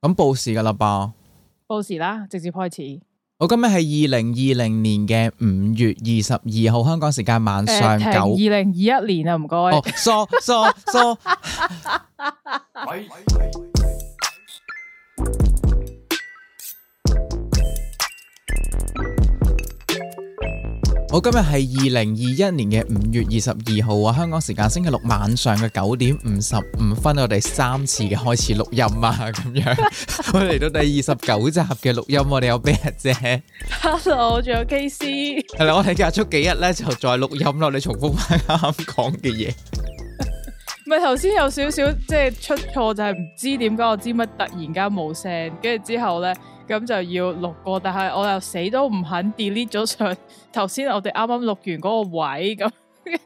咁報時噶啦噃，報時啦，直接開始。我今日係二零二零年嘅五月二十二號，香港時間晚上、欸、九。誒，二零二一年啊，唔該。哦，疏疏疏，喂。 我今日係二零二一年嘅五月二十二號啊，香港時間星期六晚上嘅九點五十五分，我哋三次嘅開始錄音啊，咁樣 我嚟到第二十九集嘅錄音，我哋有咩啫？Hello，仲有 KC，係啦， 我哋隔咗幾日咧就再錄音咯，你重複翻啱啱講嘅嘢。唔係頭先有少少即係出錯，就係唔知點解我知乜突然間冇聲，跟住之後咧。咁就要錄過，但係我又死都唔肯 delete 咗上頭先，我哋啱啱錄完嗰個位咁。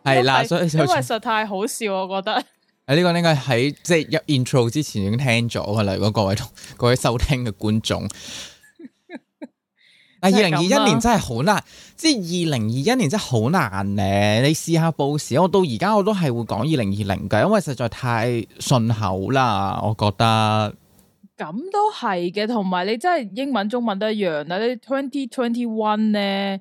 係啦，的為所以因為實在太好笑，我覺得。誒，呢、就、個、是、應該喺即係入 intro 之前已經聽咗噶啦，如果各位各位收聽嘅觀眾。 啊，二零二一年真係好難，即係二零二一年真係好難咧。你試下報時，我到而家我都係會講二零二零嘅，因為實在太順口啦，我覺得。咁都係嘅，同埋你真係英文、中文都一樣啦。你 Twenty Twenty One 咧，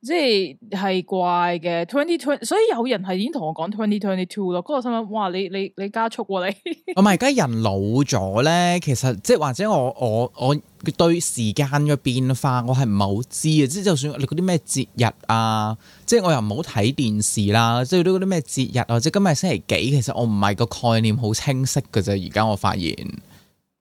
即係怪嘅 Twenty Twenty，所以有人係已經同我講 Twenty Twenty Two 咯。嗰個心諗，哇！你你你加速喎、啊、你！唔係而家人老咗咧，其實即係或者我我我對時間嘅變化，我係唔係好知嘅。即係就算你嗰啲咩節日啊，即係我又唔好睇電視啦、啊。即係都嗰啲咩節日啊，即今日星期幾？其實我唔係個概念好清晰嘅啫。而家我發現。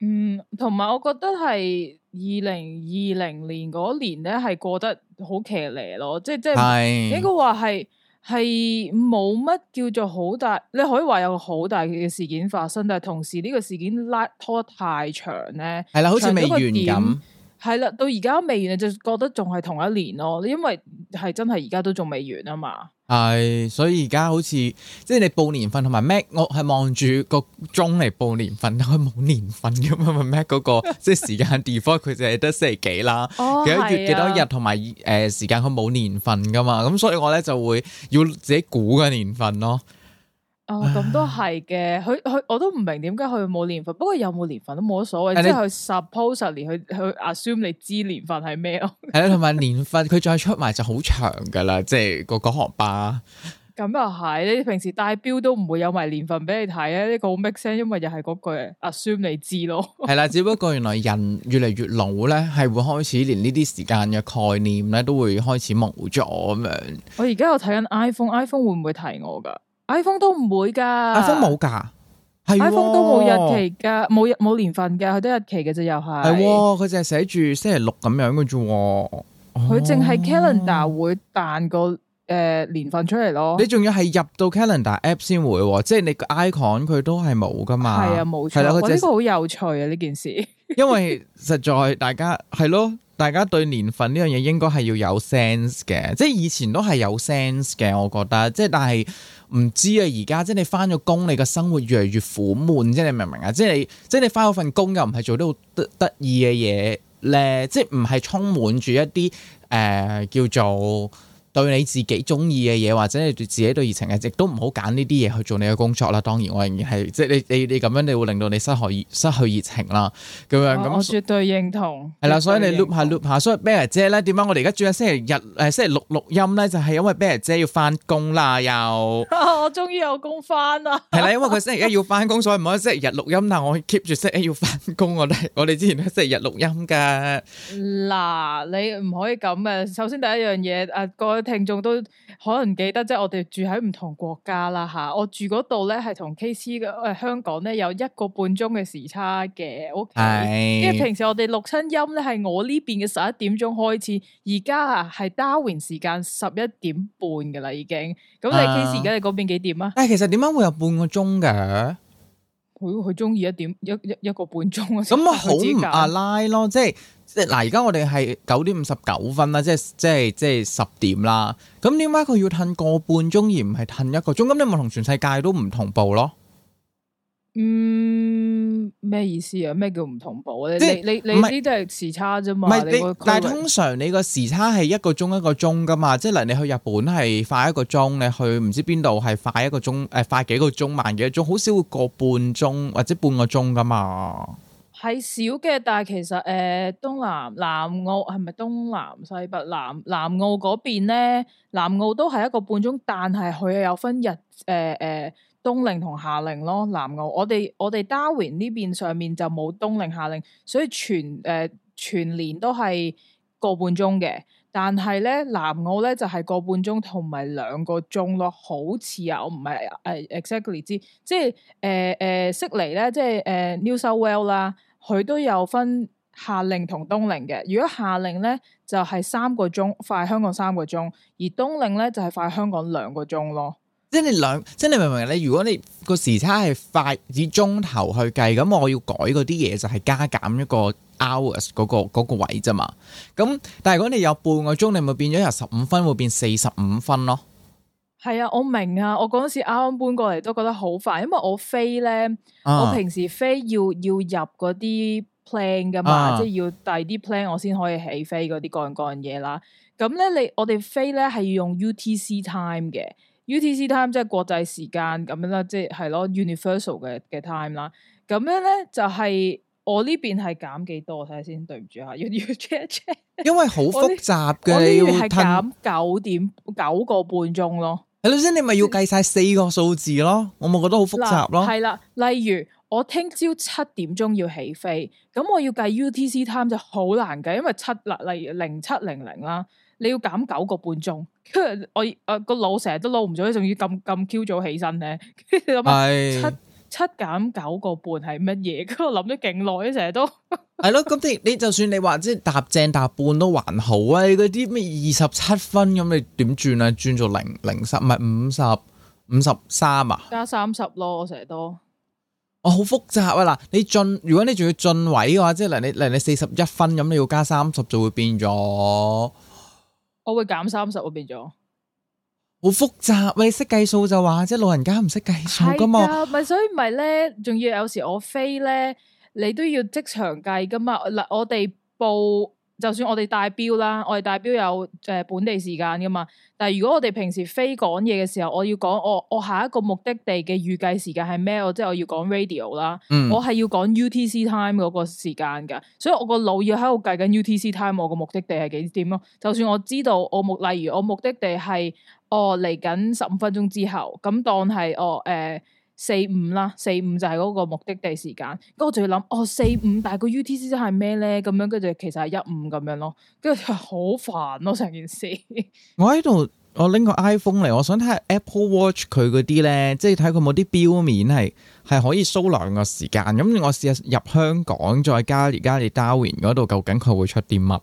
嗯，同埋我覺得係二零二零年嗰年咧，係過得好騎呢咯，即係即係係，應該話係係冇乜叫做好大，你可以話有好大嘅事件發生，但係同時呢個事件拉拖得太長咧，係啦，好似未完咁，係，嗯，啦，到而家未完就覺得仲係同一年咯，因為係真係而家都仲未完啊嘛。係，所以而家好似即係你報年份同埋 Mac，我係望住個鐘嚟報年份，佢冇年份噶嘛，Mac 嗰、那個 即係時間 default 佢就係得星期幾啦，幾、啊、多月幾多日，同埋誒時間佢冇年份噶嘛，咁所以我咧就會要自己估個年份咯。哦，咁都係嘅，佢佢，我都唔明點解佢冇年份，不過有冇年份都冇乜所謂你， 即係 supposedly，佢去 assume 你知年份係咩咯？係啦，同埋年份佢再出埋就好長噶啦，即係個學霸。咁又係，你平時戴錶都唔會有埋年份俾你睇咧？呢個好 make sense，因為又係嗰句 assume 你知咯。係啦，只不過原來人越嚟越老咧，係會開始連呢啲時間嘅概念咧，都會開始冇咗咁樣。我而家我睇緊 iPhone，iPhone 會唔會提我噶？iPhone 都唔會噶，iPhone 冇噶，係 iPhone、哦、都冇日期噶，冇冇年份噶，佢都日期嘅啫，又係、哦，係佢淨係寫住星期六咁樣嘅啫，佢淨係 calendar 會彈個誒、呃、年份出嚟咯。你仲要係入到 calendar app 先會，即係你 icon 佢都係冇噶嘛，係啊，冇錯。佢呢、哇、呢個好有趣啊，呢件事， 因為實在大家係咯，大家對年份呢樣嘢應該係要有 sense 嘅，即係以前都係有 sense 嘅，我覺得，即係但係。唔知啊，而家即係你翻咗工，你嘅生活越嚟越苦悶，即係你明唔明啊？即係即係你翻咗份工又唔係做啲好得得、得意嘅嘢咧，即係唔係充滿住一啲誒、呃、叫做。對你自己中意嘅嘢，或者你自己對熱情嘅，亦都唔好揀呢啲嘢去做你嘅工作啦。當然，我仍然係即係你你你咁樣，你會令到你失去失去熱情啦。咁樣咁，我絕對認同。係啦，所以你 loop 下 loop 下，所以 bear 姐咧點解我哋而家轉咗星期日誒星期六錄音咧？就係因為 bear 姐要翻工啦，又我終於有工翻啦。係啦，因為佢星期一要翻工，所以唔可以星期日錄音啦。我 keep 住星期一要翻工，我哋我哋之前都星期日錄音嘅。嗱，你唔可以咁嘅。首先第一樣嘢啊個。聽眾都可能記得，即係我哋住喺唔同國家啦吓、啊，我住嗰度咧，係同 K C 嘅誒、呃、香港咧有一個半鐘嘅時，時差嘅，OK 是。因為平時我哋錄親音咧，係我呢邊嘅十一點鐘開始，而家啊，係 Darwin 時間十一點半嘅啦，已經。咁你 K C，而家你嗰邊幾點啊？但、欸、其實點解會有半個鐘嘅？佢佢意一點一一一,一個半鐘啊！咁啊，好唔阿拉 i 咯，即係即係嗱，而家我哋係九點五十九分啦，即係即係即係十點啦。咁點解佢要褪個半鐘而唔係褪一個鐘？咁你咪同全世界都唔同步咯？嗯，咩意思啊？咩叫唔同步咧？即係你你呢啲是都係時差啫嘛。唔係是你，你，但係通常你個時差係一個鐘一個鐘㗎嘛。即係例如你去日本係快一個鐘，你去唔知邊度係快一個鐘，誒、呃、快幾個鐘，慢幾個鐘，好少會過半鐘或者半個鐘㗎嘛。係少嘅，但係其實誒、呃，東南南澳係咪東南西北南南澳嗰邊咧？南澳都係一個半鐘，但係佢有分日誒誒。呃呃冬令同夏令咯，南澳我哋我哋 Darwin 呢邊上面就冇冬令夏令，所以全誒、呃、全年都係個半鐘嘅。但係咧，南澳咧就係、是、個半鐘同埋兩個鐘咯，好似啊，我唔係誒 exactly 知、呃，即係誒誒悉尼咧，即係誒 New South Wales 啦，佢都有分夏令同冬令嘅。如果夏令咧就係、是、三個鐘快香港三個鐘，而冬令咧就係、是、快香港兩個鐘咯。即係你兩，即係你明唔明咧？如果你個時差係快以鐘頭去計，咁我要改嗰啲嘢就係加減一個 hours 嗰、嗰個、嗰個位啫嘛。咁但係如果你有半個鐘，你咪變咗由十五分會變四十五分咯。係啊，我明啊。我嗰時啱啱搬過嚟都覺得好快！因為我飛咧，啊、我平時飛要要入嗰啲 plan 噶嘛，啊、即係要第二啲 plan 我先可以起飛嗰啲各樣各樣嘢啦。咁咧，你我哋飛咧係要用 UTC time 嘅。UTC time 即係國際時間咁樣啦，即係係咯 universal 嘅嘅 time 啦。咁樣咧就係、是、我呢邊係減幾多睇下先，對唔住啊，要要 check 一 check。因為好複雜嘅，要係減九點九個半鐘咯。係，老師你咪要計晒四個數字咯，我咪覺得好複雜咯。係啦，例如我聽朝七點鐘要起飛，咁我要計 UTC time 就好難計，因為七嗱，例如零七零零啦。你要減九個半鐘，我我個腦成日都撈唔咗，仲要咁咁 Q 早起身咧 想的。七七減九個半係乜嘢？ 我諗咗勁耐，成日都係咯。咁 你你就算你話即係搭正搭半都還好 0, 0 10, 50, 啊。你嗰啲咩二十七分咁，你點轉啊？轉做零零十唔係五十五十三啊？加三十咯，我成日都哦，好複雜啊。嗱，你進如果你仲要進位嘅話，即係嗱你嗱你四十一分咁，你要加三十就會變咗。我會減三十，我變咗好複雜。喂，你識計數就話，即係老人家唔識計數噶嘛。咪所以唔係咧，仲要有時我飛咧，你都要即場計噶嘛。嗱，我哋報。就算我哋戴表啦，我哋戴表有誒、呃、本地時間噶嘛。但係如果我哋平時飛講嘢嘅時候，我要講我我下一個目的地嘅預計時間係咩？我即係我要講 radio 啦，嗯、我係要講 UTC time 嗰個時間噶。所以我個腦要喺度計緊 UTC time，我個目的地係幾點咯？就算我知道我目，例如我目的地係我嚟緊十五分鐘之後，咁當係我誒。哦呃四五啦，四五就係嗰個目的地時間，咁我就要諗，哦，四五，但係個 UTC 係咩咧？咁樣跟住其實係一五咁樣咯，跟住好煩咯成件事。我喺度，我拎個 iPhone 嚟，我想睇下 Apple Watch 佢嗰啲咧，即係睇佢有冇啲表面係係可以 show 兩個時間。咁我試下入香港，再加而家你 Darwin 嗰度，究竟佢會出啲乜？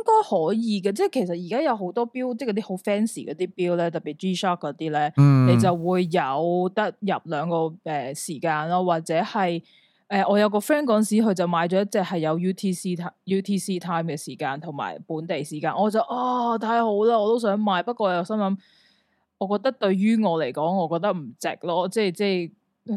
應該可以嘅，即係其實而家有好多表，即係嗰啲好 fancy 嗰啲表咧，特別 G-Shock 嗰啲咧，你就會有得入兩個誒時間咯，或者係誒、呃、我有個 friend 嗰時佢就買咗一隻係有 UTC UT UTC time 嘅時間同埋本地時間，我就啊、哦、太好啦，我都想買，不過又心諗，我覺得對於我嚟講，我覺得唔值咯，即係即係。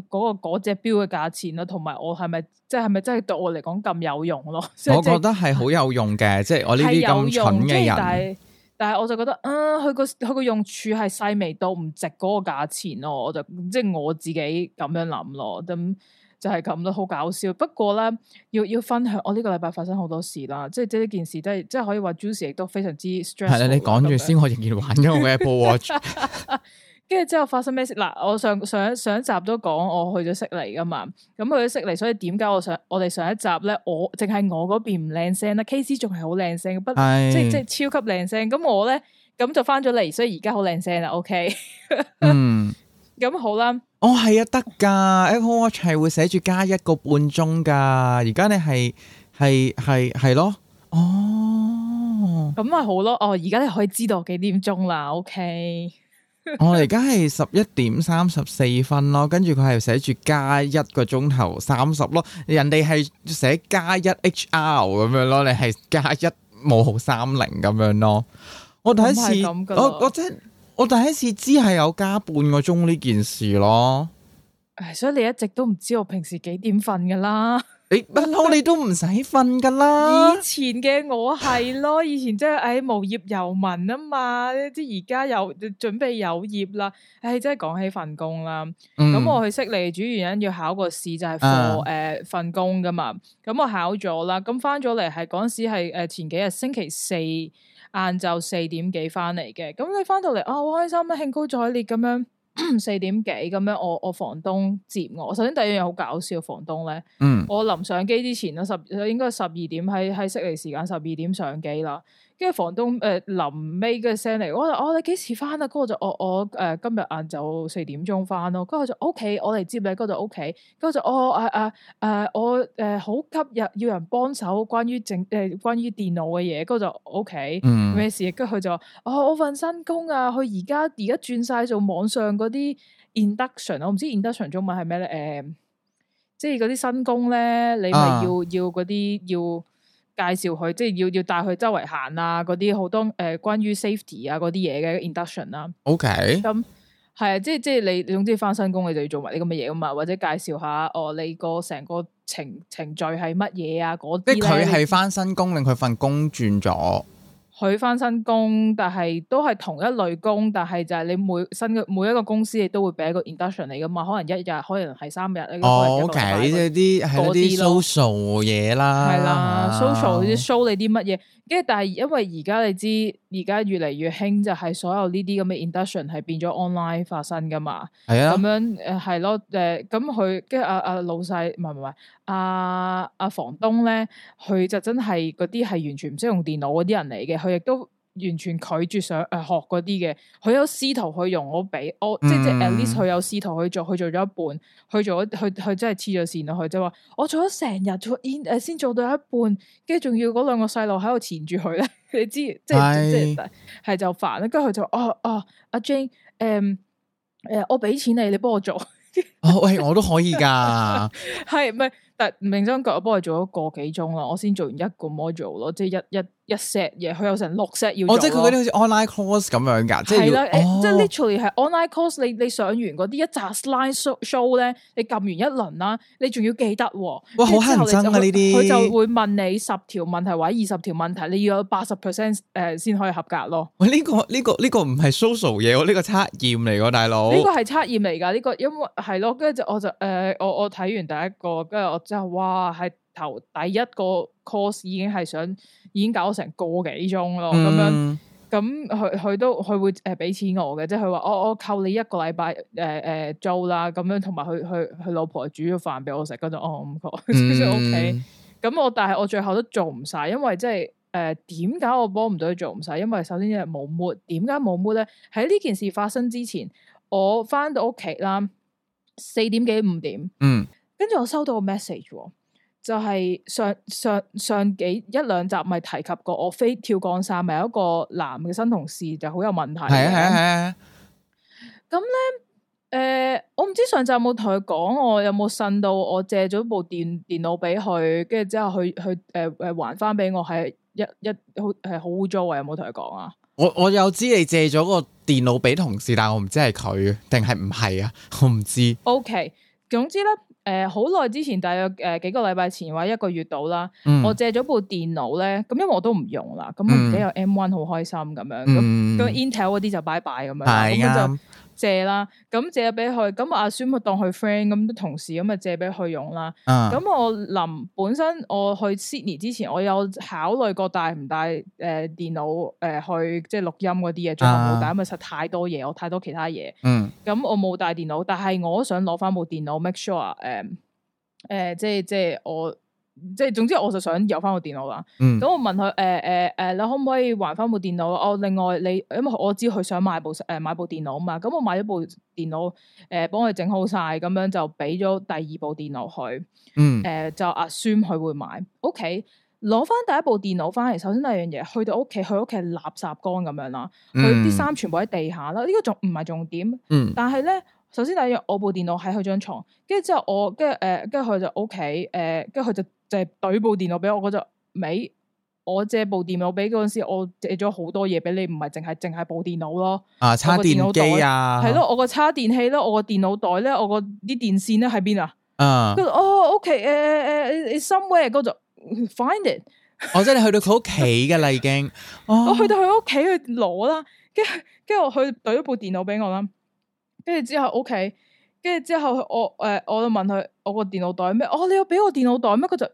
嗰、那個嗰隻表嘅價錢咯，同埋我係咪即係咪真係對我嚟講咁有用咯？ 就是、我覺得係好有用嘅，即係我呢啲咁蠢嘅人，但係是但係我就覺得啊，佢個佢個用處係細微到唔值嗰個價錢咯，我就即係、就是、我自己咁樣諗咯，咁就係咁咯，好搞笑。不過咧，要要分享，我、哦、呢、這個禮拜發生好多事啦，即係即係呢件事都係即係可以話 Juicy 亦都非常之 stress 係啦，你講住先，對吧 我仍然玩咗我 Apple Watch 跟住之後發生咩事嗱？我上上一上一集都講，我去咗悉尼噶嘛。咁去咗悉尼，所以點解我上我哋上一集咧，我淨係我嗰邊唔靚聲啦。K C 仲係好靚聲，聲不哎、即係即係超級靚聲。咁我咧咁就翻咗嚟，所以而家好靚聲啦。O、okay? K， 嗯，咁 好啦了。哦，係啊，得噶 Apple Watch 係會寫住加一個半鐘噶。而家你係係係係咯。哦，咁咪好咯。哦，而家你可以知道幾點鐘啦。O K。我而家係十一點三十四分咯，跟住佢係寫住加一個鐘頭三十咯，人哋係寫加一 HR 咁樣咯，你係加一冇號三零咁樣咯。我第一次，我我真，我第一次知係有加半個鐘呢件事咯。誒，所以你一直都唔知我平時幾點瞓噶啦。唔好，你都唔使瞓噶啦。以前嘅我係咯，以前真係誒無業遊民啊嘛，即而家有準備有業啦，誒即係講起份工啦。咁、嗯、我去悉尼主要原因要考個試就係獲誒份工噶嘛，咁、呃呃嗯、我考咗啦，咁翻咗嚟係嗰時係誒前幾日星期四晏晝四點幾翻嚟嘅，咁你翻到嚟啊好開心啊，興高采烈咁樣。四點幾咁樣，我我房東接我。首先第一樣嘢好搞笑，房東咧，我臨上機之前啦，十應該十二點喺喺悉尼時間十二點上機啦。跟住房東誒臨尾嘅聲嚟，我話哦你幾時翻啊？嗰個就我我誒、呃、今日晏晝四點鐘翻咯。跟住就 O K，我嚟接你。嗰個就 O K。跟住就哦啊啊誒我誒好急，入要人幫手關於整誒關於電腦嘅嘢。嗰個就 O K。嗯。咩事跟住佢就哦我份、嗯嗯嗯嗯、新工啊，佢而家而家轉晒做網上嗰啲 induction 我唔知 induction 中文係咩咧誒？即係嗰啲新工咧，你咪要要嗰啲要。要介紹佢，即係要要帶佢周圍行、呃、啊，嗰啲好多誒關於 safety 啊嗰啲嘢嘅 induction 啦。OK，咁係啊，Okay. 嗯、即係即係你，你總之返新工，你就要做埋啲咁嘅嘢啊嘛，或者介紹下哦，你個成個程程序係乜嘢啊嗰啲佢係返新工，令佢份工轉咗。佢返新工，但係都係同一類工，但係就係你每新嘅每一個公司，亦都會俾一個 induction 嚟噶嘛？可能一日，可能係三日。OK，即啲係啲 social 嘢啦，係啦，uh，social 啲 show 你啲乜嘢。跟住，但係因為而家你知，而家越嚟越興就係所有呢啲咁嘅 induction 係變咗 online 發生噶嘛？係啊，咁樣誒係、呃、咯，誒咁佢跟住阿阿老細，唔係唔係，阿阿、啊啊、房東咧，佢就真係嗰啲係完全唔識用電腦嗰啲人嚟嘅，佢亦都。完全拒絕上誒、呃、學嗰啲嘅，佢有試圖去用我俾我，嗯、即即 at least 佢有試圖去做，佢做咗一半，做去做咗，佢去真係黐咗線咯，佢就話、是、我做咗成日做演先、呃、做到一半，跟住仲要嗰兩個細路喺度纏住佢咧，你知即是即係係就煩啦。跟住佢就話哦哦，阿、哦啊、Jane 誒、嗯、誒、呃，我俾錢你，你幫我做、哦。喂，我都可以㗎，係唔係？但唔認真講，我幫佢做咗個幾鐘啦，我先做完一個 module 咯，即係一一。一一一一一一一一一 set 嘢，佢有成六 set 要。哦，即係佢嗰啲好似 online course 咁樣噶，即係。係啦了，哦、即係 literally 係 online course，你你上完嗰啲一紮 slide show 咧，你撳完一輪啦，你仲要記得。哇，好乞人憎啊呢啲！佢就會問你十條問題或者二十條問題，你要有八十 percent 誒先可以合格咯。喂、呢個，呢、呢個呢、呢個呢、呢個唔係 social 嘢，呢個測驗嚟噶，大佬。呢個係測驗嚟噶，呢、呢個因為係咯，跟住我就誒、呃，我我睇完第一個，跟住我真係哇係。頭第一個 course 已經係想已經搞成個幾鐘咯，咁樣咁佢佢都佢會誒俾錢我嘅，即係佢話我我扣你一個禮拜誒誒租啦，咁樣同埋佢佢佢老婆煮咗飯俾我食，跟住哦唔錯，ok 咁我,、mm hmm. 我但係我最後都做唔晒，因為即係誒點解我幫唔到佢做唔晒？因為首先因為冇 mood，點解冇 mood 咧？喺呢件事發生之前，我翻到屋企啦，四點幾五點，嗯，跟住、mm hmm. 我收到個 message、哦。就係上上上幾一兩集咪提及過我飛跳降傘咪有一個男嘅新同事就好有問題。係啊係啊係啊。咁 咧，誒、呃，我唔知上集有冇同佢講，我有冇呻到我借咗部電電腦俾佢，跟住之後佢佢誒誒還翻俾我，係一一好係好污糟啊！有冇同佢講啊？我我有知你借咗個電腦俾同事，但係我唔知係佢定係唔係啊，我唔知。OK，總之咧。誒好耐之前，大約誒、呃、幾個禮拜前或者一個月到啦。嗯、我借咗部電腦咧，咁因為我都唔用啦，咁自己有 M1 好開心咁、嗯、樣，咁 Intel 嗰啲就拜拜咁、嗯、樣，咁的就。借啦，咁借俾佢，咁阿孫咪當佢 friend 咁，同事咁咪借俾佢用啦。咁、啊、我臨本身我去 Sydney 之前，我有考慮過帶唔帶誒電腦誒去即係錄音嗰啲嘢，最後冇帶，因為實太多嘢，我太多其他嘢。咁、嗯、我冇帶電腦，但係我想攞翻部電腦，make sure 誒誒，即係即係我。即係總之，我就想有翻部電腦啦。咁我、嗯、問佢，誒誒誒，你可唔可以還翻部電腦？我、哦、另外你，因為我知佢想買部誒、呃、買部電腦啊嘛。咁我買咗部電腦，誒幫佢整好晒，咁樣就俾咗第二部電腦佢。誒、呃、就阿孫佢會買。屋企攞翻第一部電腦翻嚟，首先第一樣嘢，去到屋企，佢屋企垃圾缸咁樣啦。佢啲衫全部喺地下啦。呢個仲唔係重點。但係咧，首先第一樣，我部電腦喺佢張床，跟住之後我，跟住誒，跟住佢就 OK，誒，跟住佢就。就係懟部電腦俾我，我就未我借部電腦俾嗰陣時，我借咗好多嘢俾你，唔係淨係淨係部電腦咯。啊，叉電器啊，係、啊、咯，我個叉電器咧，我個電腦袋咧，我個啲電線咧喺邊啊？啊，哦，OK，誒誒誒，somewhere 嗰就 find it。我、哦、即係去到佢屋企噶啦，已經 哦、我去到佢屋企去攞啦，跟跟住去懟咗部電腦俾我啦，跟住之後 OK。跟住之後我，我誒，我就問佢：我個電腦袋咩？哦，你有俾我電腦袋咩？佢就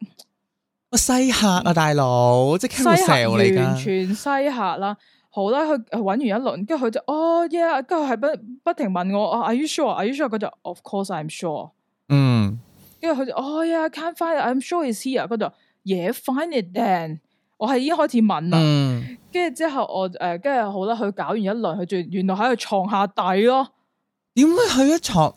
西客啊，大佬，即係成完全西客啦。好啦，佢搵完一輪，跟住佢就哦耶，跟住係不不停問我：，我 are you sure？are you sure？佢就 of course I'm sure。嗯，跟住佢就哦耶、oh, yeah,，can't find，I'm sure it's here。佢就 yeah，find it then。我係已經開始問啦。跟住之後，我誒，跟住好啦，佢搞完一輪，佢就原來喺度床下底咯。點解去咗床？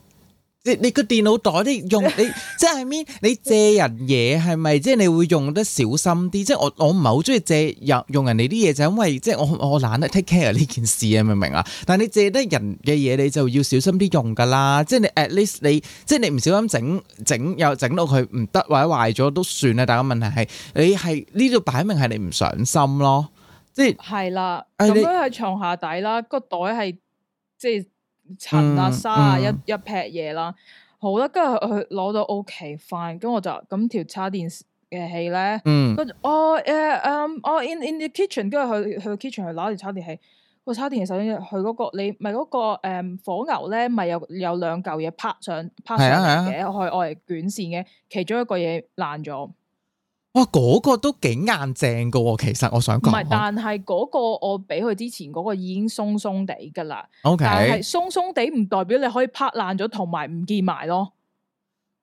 你你個電腦袋啲用你即係咩？你借人嘢係咪？ 即係你會用得小心啲？即係我我唔係好中意借用人用人哋啲嘢，就因為即係我我懶得 take care 呢件事啊，你明唔明啊？但係你借得人嘅嘢，你就要小心啲用噶啦。即係你 at least 你即係你唔小心整整又整到佢唔得或者壞咗都算啦。但係個問題係你係呢度擺明係你唔上心咯。即係係啦，咁樣喺床下底啦，個袋係即係。陳阿沙、嗯嗯、一一劈嘢啦，好啦，跟住佢攞到 OK, fine 跟住我就咁條叉電器咧，跟住我誒誒，我、哦 uh, um, oh, in in the kitchen，跟住去去 kitchen 去攞條叉電器，個叉，叉電器首先，佢嗰、那個你咪嗰、那個誒、嗯、火牛咧，咪有有兩嚿嘢拍上拍上嘅，我我嚟捲綫嘅，其中一個嘢爛咗。哇，嗰個都幾硬淨噶喎，其實我想講。唔係，但係嗰個我俾佢之前嗰個已經鬆鬆地噶啦。OK，但係鬆鬆地唔代表你可以拍爛咗，同埋唔見埋咯。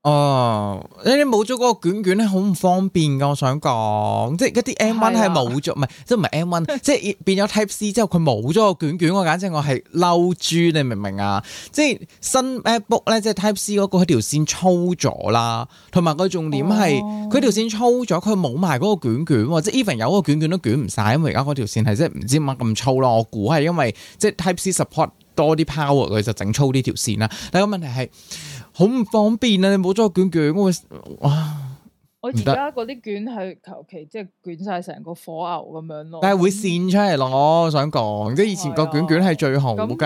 哦，你你冇咗嗰個卷卷咧，好唔方便噶我想講，即係嗰啲 M1 係冇咗，唔係即係唔係 M1，即係變咗 Type C 之後，佢冇咗個卷卷。我簡直我係嬲豬，你明唔明啊？即係新 MacBook 咧，即係 Type C 嗰個佢條線粗咗啦，同埋個重點係佢條線粗咗，佢冇埋嗰個卷卷，即係 even 有個卷卷都捲唔晒，因為而家嗰條線係即係唔知乜咁粗咯。我估係因為即係 Type C support 多啲 power，佢就整粗呢條線啦。但係個問題係。好唔方便啊！你冇咗個卷卷我會哇！我而家嗰啲卷係求其即係捲晒成個火牛咁樣咯，但係會線出嚟咯。我想講，即係以前個卷卷係最紅噶，冇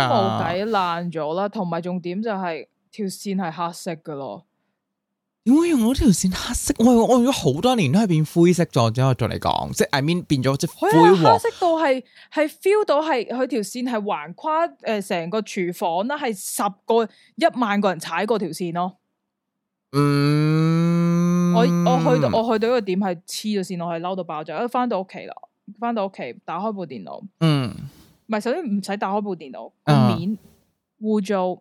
計爛咗啦。同埋重點就係條線係黑色噶咯。點解我用我呢條線黑色，我我用咗好多年都係變灰色咗。之後再嚟講，即係面 I mean, 變咗只灰黃。灰色到係係 feel 到係佢條線係橫跨誒成個廚房啦，係十個一萬個人踩過條線咯。嗯，我我去到我去到一個點係黐咗線，我係嬲到爆炸。一翻到屋企啦，翻到屋企打開部電腦，嗯，唔係首先唔使打開部電腦，面污糟，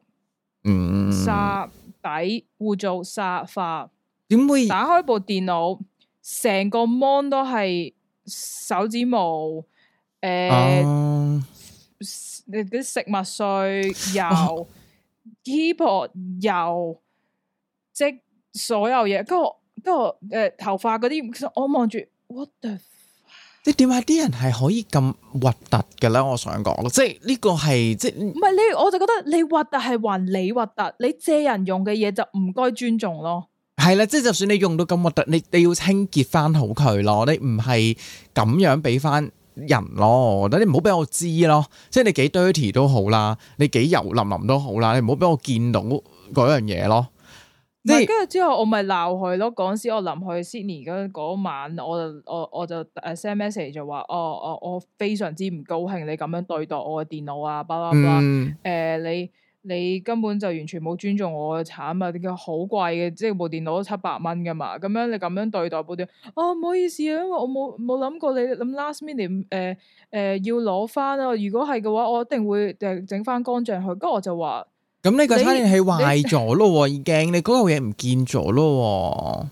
嗯，沙。殺底污糟沙化，點會打開部電腦，成個 mon 都係手指毛，誒、呃，你啲、uh、食物碎油，keyboard 油，即、 就是、所有嘢，跟住跟住，誒、呃，頭髮嗰啲，其實我望住 what the fuck。你點解啲人係可以咁核突嘅咧？我想講，即係呢個係即唔係你？我就覺得你核突係還你核突，你借人用嘅嘢就唔該尊重咯。係啦，即係就算你用到咁核突，你你要清潔翻好佢咯，你唔係咁樣俾翻人咯。嗱，你唔好俾我知咯，即係你幾 dirty 都好啦，你幾油淋淋都好啦，你唔好俾我見到嗰樣嘢咯。跟住之後我咪鬧佢咯。嗰時我臨去 Sydney 嗰晚我就，我我我就誒 send message 就話，哦哦我，我非常之唔高興你咁樣對待我嘅電腦啊，巴啦巴拉。誒、嗯呃，你你根本就完全冇尊重我嘅產物，你叫好貴嘅，即係部電腦都七百蚊噶嘛。咁樣你咁樣對待部電腦，哦唔好意思啊，因為我冇冇諗過你諗 last minute，誒、呃、誒、呃、要攞翻。啊。如果係嘅話，我一定會誒整翻乾淨佢。跟住我就話。咁呢個叉電器壞咗咯，已經你嗰嚿嘢唔見咗咯。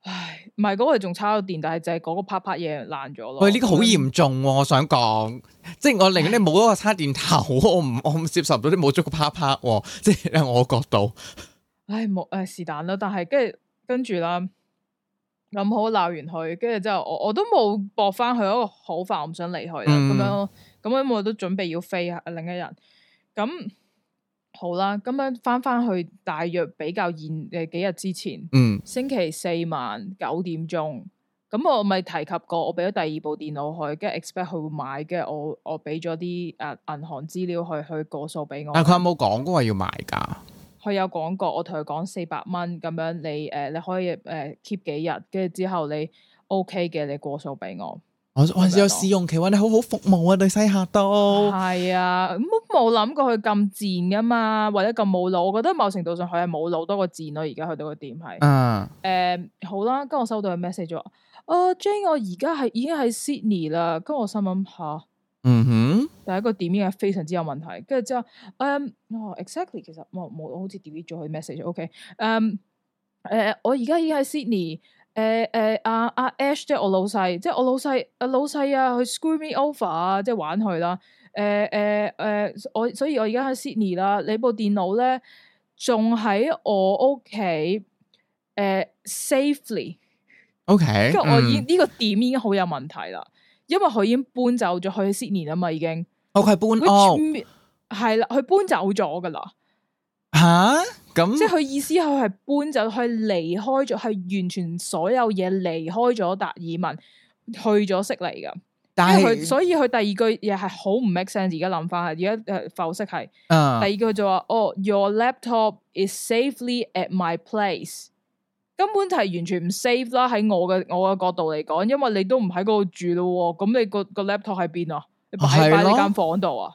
唉，唔係嗰個仲叉到電，但係就係嗰個啪啪嘢爛咗咯。喂、哎，呢、這個好嚴重，我想講，即係我令你冇嗰個叉電頭，我唔我唔接受到啲冇咗個啪啪，啪，即係我角度。唉，冇唉是但啦，但係跟住跟住啦，諗好鬧完佢，跟住之後我我都冇駁翻佢一個好煩，唔想理佢啦。咁、嗯、樣咁樣我都準備要飛啊，另一人咁。好啦，咁樣翻翻去大約比較現誒，幾日之前，嗯、星期四晚九點鐘，咁我咪提及過，我俾咗第二部電腦佢，跟住 expect 佢會買，跟住我我俾咗啲誒銀行資料去去過數俾我。但佢有冇講過話要買噶？佢有講過，我同佢講四百蚊咁樣你，你誒你可以誒 keep、呃、幾日，跟住之後你 OK 嘅，你過數俾我。我還是有試用期，我你好好服務啊，對西客都。係啊，咁冇諗過佢咁賤噶嘛，或者咁冇腦？我覺得某程度上佢係冇腦多過賤咯。而家去到個店係，誒、啊呃、好啦，跟我收到個 message 啊 Jane 我而家係已經喺 Sydney 啦。跟我心諗下。嗯哼，但係個點已經非常之有問題。跟住之後，嗯、呃哦、，exactly，其實我冇、哦，好似 delete 咗佢 message。OK，嗯、呃，誒、呃，我而家已經喺 Sydney。誒誒阿阿 Ash 即係我老細，即係我老細阿老細啊去 screw me over 啊，即係玩佢啦。誒誒誒，我所以我而家喺 Sydney 啦，你部電腦咧仲喺我屋企誒 safely。O K。即係我已呢個點已經好有問題啦，因為佢已經搬走咗去 Sydney 啊嘛，已經。哦，佢係搬屋。係啦，佢搬走咗噶啦。吓？Huh? 咁那即係佢意思係係，佢係搬走，佢係離開咗，係完全所有嘢離開咗達爾文，去咗悉尼噶。但係是佢所以佢第二句嘢係好唔 make sense。而家諗翻，而家誒剖析係。第二句就話哦、oh，your laptop is safely at my place。根本就係完全唔 safe 啦。喺我嘅我嘅角度嚟講，因為你都唔喺嗰度住咯、喔。咁你、個、個 laptop 喺邊啊？你擺喺你間房度咯啊？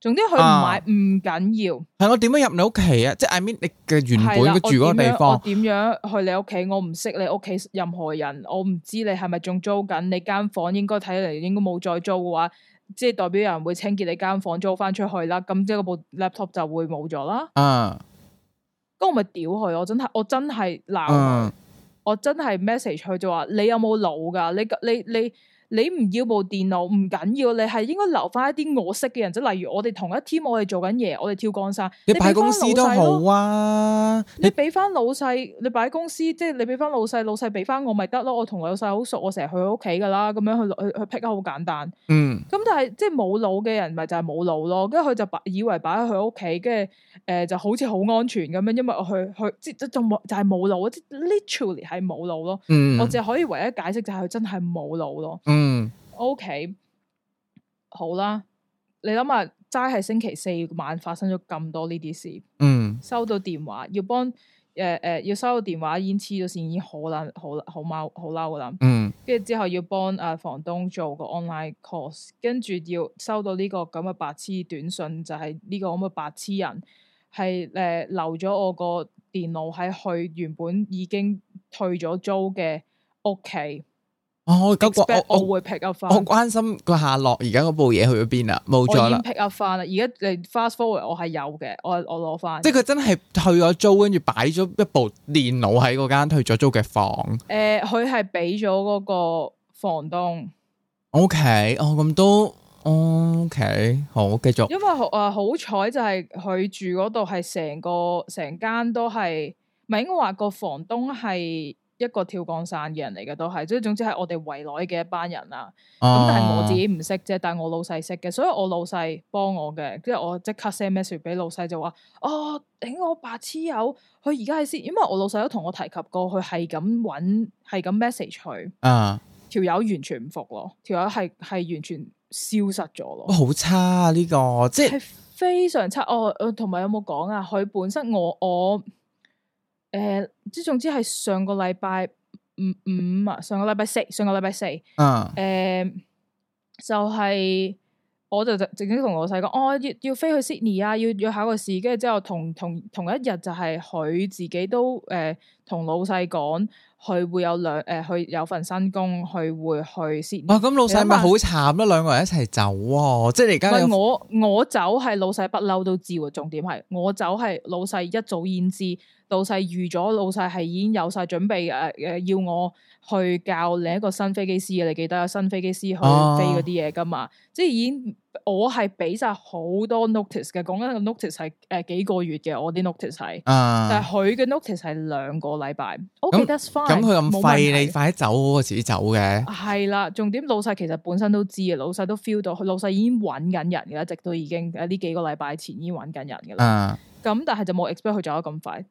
總之佢唔買唔緊、啊、要,要。係我點樣入你屋企啊？即係 I mean 你嘅原本住嗰個地方。我點樣,樣去你屋企？我唔識你屋企任何人，我唔知你係咪仲租緊你間房。應該睇嚟應該冇再租嘅話，即係代表有人會清潔你間房間租，租翻出去啦。咁即係部 laptop 就會冇咗啦。嗯、啊。咁我咪屌佢，我真係我真係嗱，我真係 message 佢就話：你有冇腦噶？你你你。你你你唔要部電腦唔緊要，你係應該留翻一啲我識嘅人，即例如我哋同一 team，我哋做緊嘢，我哋跳江山，你擺公司都好啊。你俾翻老細，你擺公司你即係你俾翻老細，老細俾翻我咪得咯。我同老細好熟，我成日去佢屋企噶啦，咁樣去去去 pick 好簡單。咁、嗯、但係即係冇腦嘅人咪就係冇腦咯。跟住佢就以為擺喺佢屋企，跟住誒就好似好安全咁樣，因為我去去即係就冇就係冇腦啊，即，literally 係冇腦咯。我、嗯、我淨係可以唯一解釋就係佢真係冇腦咯。嗯。嗯，OK，好啦，你諗下，齋係星期四晚發生咗咁多呢啲事，嗯，收到電話要幫誒誒，要收到電話，已經黐咗線，已經好嬲，好好嬲，好嬲噶啦，嗯，跟住之後要幫阿、啊、房東做個 online course，跟住要收到呢個咁嘅白痴短信，就係、是、呢個咁嘅白痴人係誒、呃、留咗我個電腦喺佢原本已經退咗租嘅屋企。Oh, 我 I, I, 我我我會 pick up 翻，我關心個下落，而家嗰部嘢去咗邊啦，冇咗啦。我已經 pick up 翻啦，而家你 fast forward 我係有嘅，我我攞翻。即係佢真係退咗租，跟住擺咗一部電腦喺嗰間退咗租嘅房。誒、呃，佢係俾咗嗰個房東。O、okay, K，哦，咁都、哦、O、okay, K，好，繼續。因為誒好彩就係佢住嗰度係成個成間都係，唔係應該話個房東係。一個跳江山嘅人嚟嘅都係，即係總之係我哋圍內嘅一班人啦。咁、嗯、但係我自己唔識啫，但係我老細識嘅，所以我老細幫我嘅，即係我即刻 send message 俾老細就話：哦，頂我白痴友，佢而家係先，因為我老細都同我提及過，佢係咁揾，係咁 message 佢。啊，條友完全唔服咯，條友係係完全消失咗咯。好差啊，呢個，即係非常差。哦哦，呃，同埋有冇講啊？佢本身我我。我誒、即、呃、總之係上個禮拜五五啊，上個禮拜四，上個禮拜四。嗯。誒，就係、是、我就直正正同老細講，哦，要要飛去 Sydney 啊，要要考個試。跟住之後同同同一日就係佢自己都誒、呃，同老細講，佢會有兩誒，佢、呃、有份新工，佢會去 Sydney。咁、啊嗯、老細咪好慘咯，兩個人一齊走啊！即係你而家我我，我走係老細不嬲都知，重點係我走係老細一早已知。老細預咗，老細係已經有晒準備嘅誒、呃呃、要我去教另一個新飛機師嘅，你記得啊？新飛機師去飛嗰啲嘢噶嘛？啊、即係已經我係俾晒好多 notice 嘅，講緊個 notice 係誒、呃、幾個月嘅，我啲 notice 係，啊、但係佢嘅 notice 係兩個禮拜。O K，that's fine。咁佢咁快，你快啲走，我自己走嘅。係啦，重點老細其實本身都知嘅，老細都 feel 到，老細已經揾緊人嘅啦，一直都已經誒呢幾個禮拜前已經揾緊人嘅啦。咁、嗯、但係就冇 expect 佢走得咁快。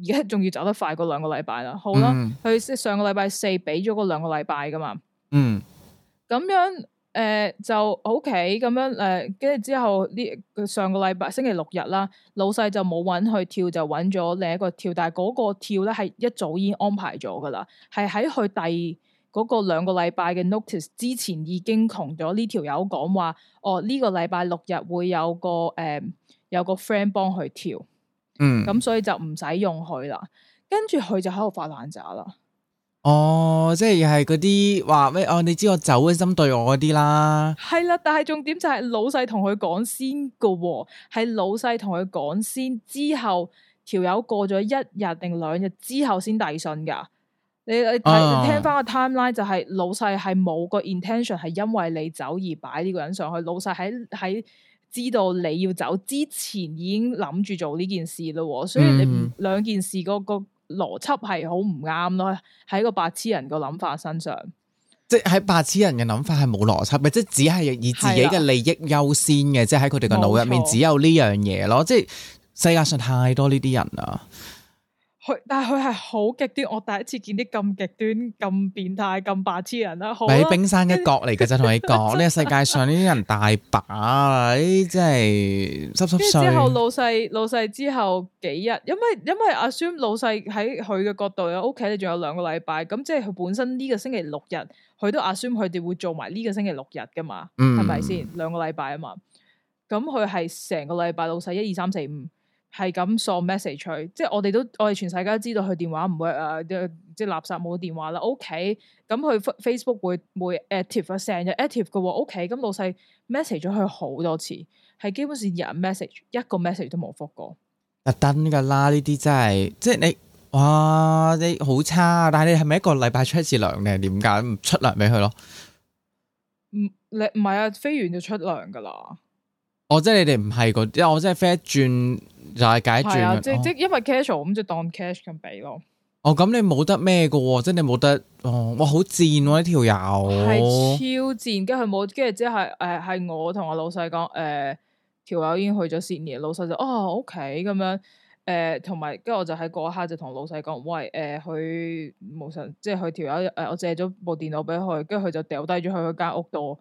而家仲要走得快過兩個禮拜啦，好啦，佢、嗯、上個禮拜四俾咗個兩個禮拜噶嘛，嗯，咁樣誒、呃、就 OK 咁樣誒，跟、呃、住之後呢，上個禮拜星期六日啦，老細就冇揾佢跳，就揾咗另一個跳，但係嗰個跳咧係一早已經安排咗噶啦，係喺佢第嗰、那個兩個禮拜嘅 notice 之前已經窮咗呢條友講話，哦呢、這個禮拜六日會有個誒、呃、有個 friend 幫佢跳。嗯，咁所以就唔使用佢啦，跟住佢就喺度發爛渣啦。哦，即係又係嗰啲話咩？哦，你知我走嘅心對我啲啦。係啦，但係重點就係老細同佢講先嘅、哦，係老細同佢講先之後，條友過咗一日定兩日之後先遞信噶。你你睇、哦、聽翻個 timeline 就係、是、老細係冇個 intention 係因為你走而擺呢個人上去，老細喺喺。知道你要走之前已經諗住做呢件事咯，所以你兩件事個邏輯係好唔啱咯，喺個白痴人個諗法身上，即係喺白痴人嘅諗法係冇邏輯，咪即係只係以自己嘅利益優先嘅，即係喺佢哋個腦入面只有呢樣嘢咯，錯即係世界上太多呢啲人啦。佢但係佢係好極端，我第一次見啲咁極端、咁變態、咁白痴人啦。喺冰山一角嚟嘅，就同 你講呢 真的 個世界上呢啲人大把，啲 真係濕濕碎。之後老細老細之後幾日，因為因為阿孫老細喺佢嘅角度咧，屋企仲有兩個禮拜，咁即係佢本身呢個星期六日，佢都阿孫佢哋會做埋呢個星期六日噶嘛，係咪先兩個禮拜啊嘛？咁佢係成個禮拜老細一二三四五。係咁送 message，即係我哋都，我哋全世界都知道佢電話唔 work 啊即係垃圾冇電話啦。OK，咁佢 Facebook 會每 active 啊，成日 active 噶喎。O K，咁老細 message 咗佢好多次，係基本上日 message，一個 message 都冇覆過。登噶、啊、啦，呢啲真係，即係你哇，你好差，但係你係咪一個禮拜出一次糧咧？點解唔出糧俾佢咯？唔，你唔係啊，飛完就出糧噶啦。哦，即係你哋唔係嗰啲，我即係飛轉就係解轉。即即因為 cash 咁、哦、就當 cash 咁俾咯。哦，咁你冇得咩噶？即係你冇得哦，賤就是呃、我好賤喎！呢條友係超賤，跟佢冇，跟住之後誒係我同我老細講誒，條、呃、友、這個、已經去咗 Sydney，老細就哦 OK 咁樣誒，同埋跟住我就喺嗰一刻就同老細講，喂誒，佢、呃、冇神，即係佢條友誒，我借咗部電腦俾佢，跟住佢就掉低咗去佢間屋度。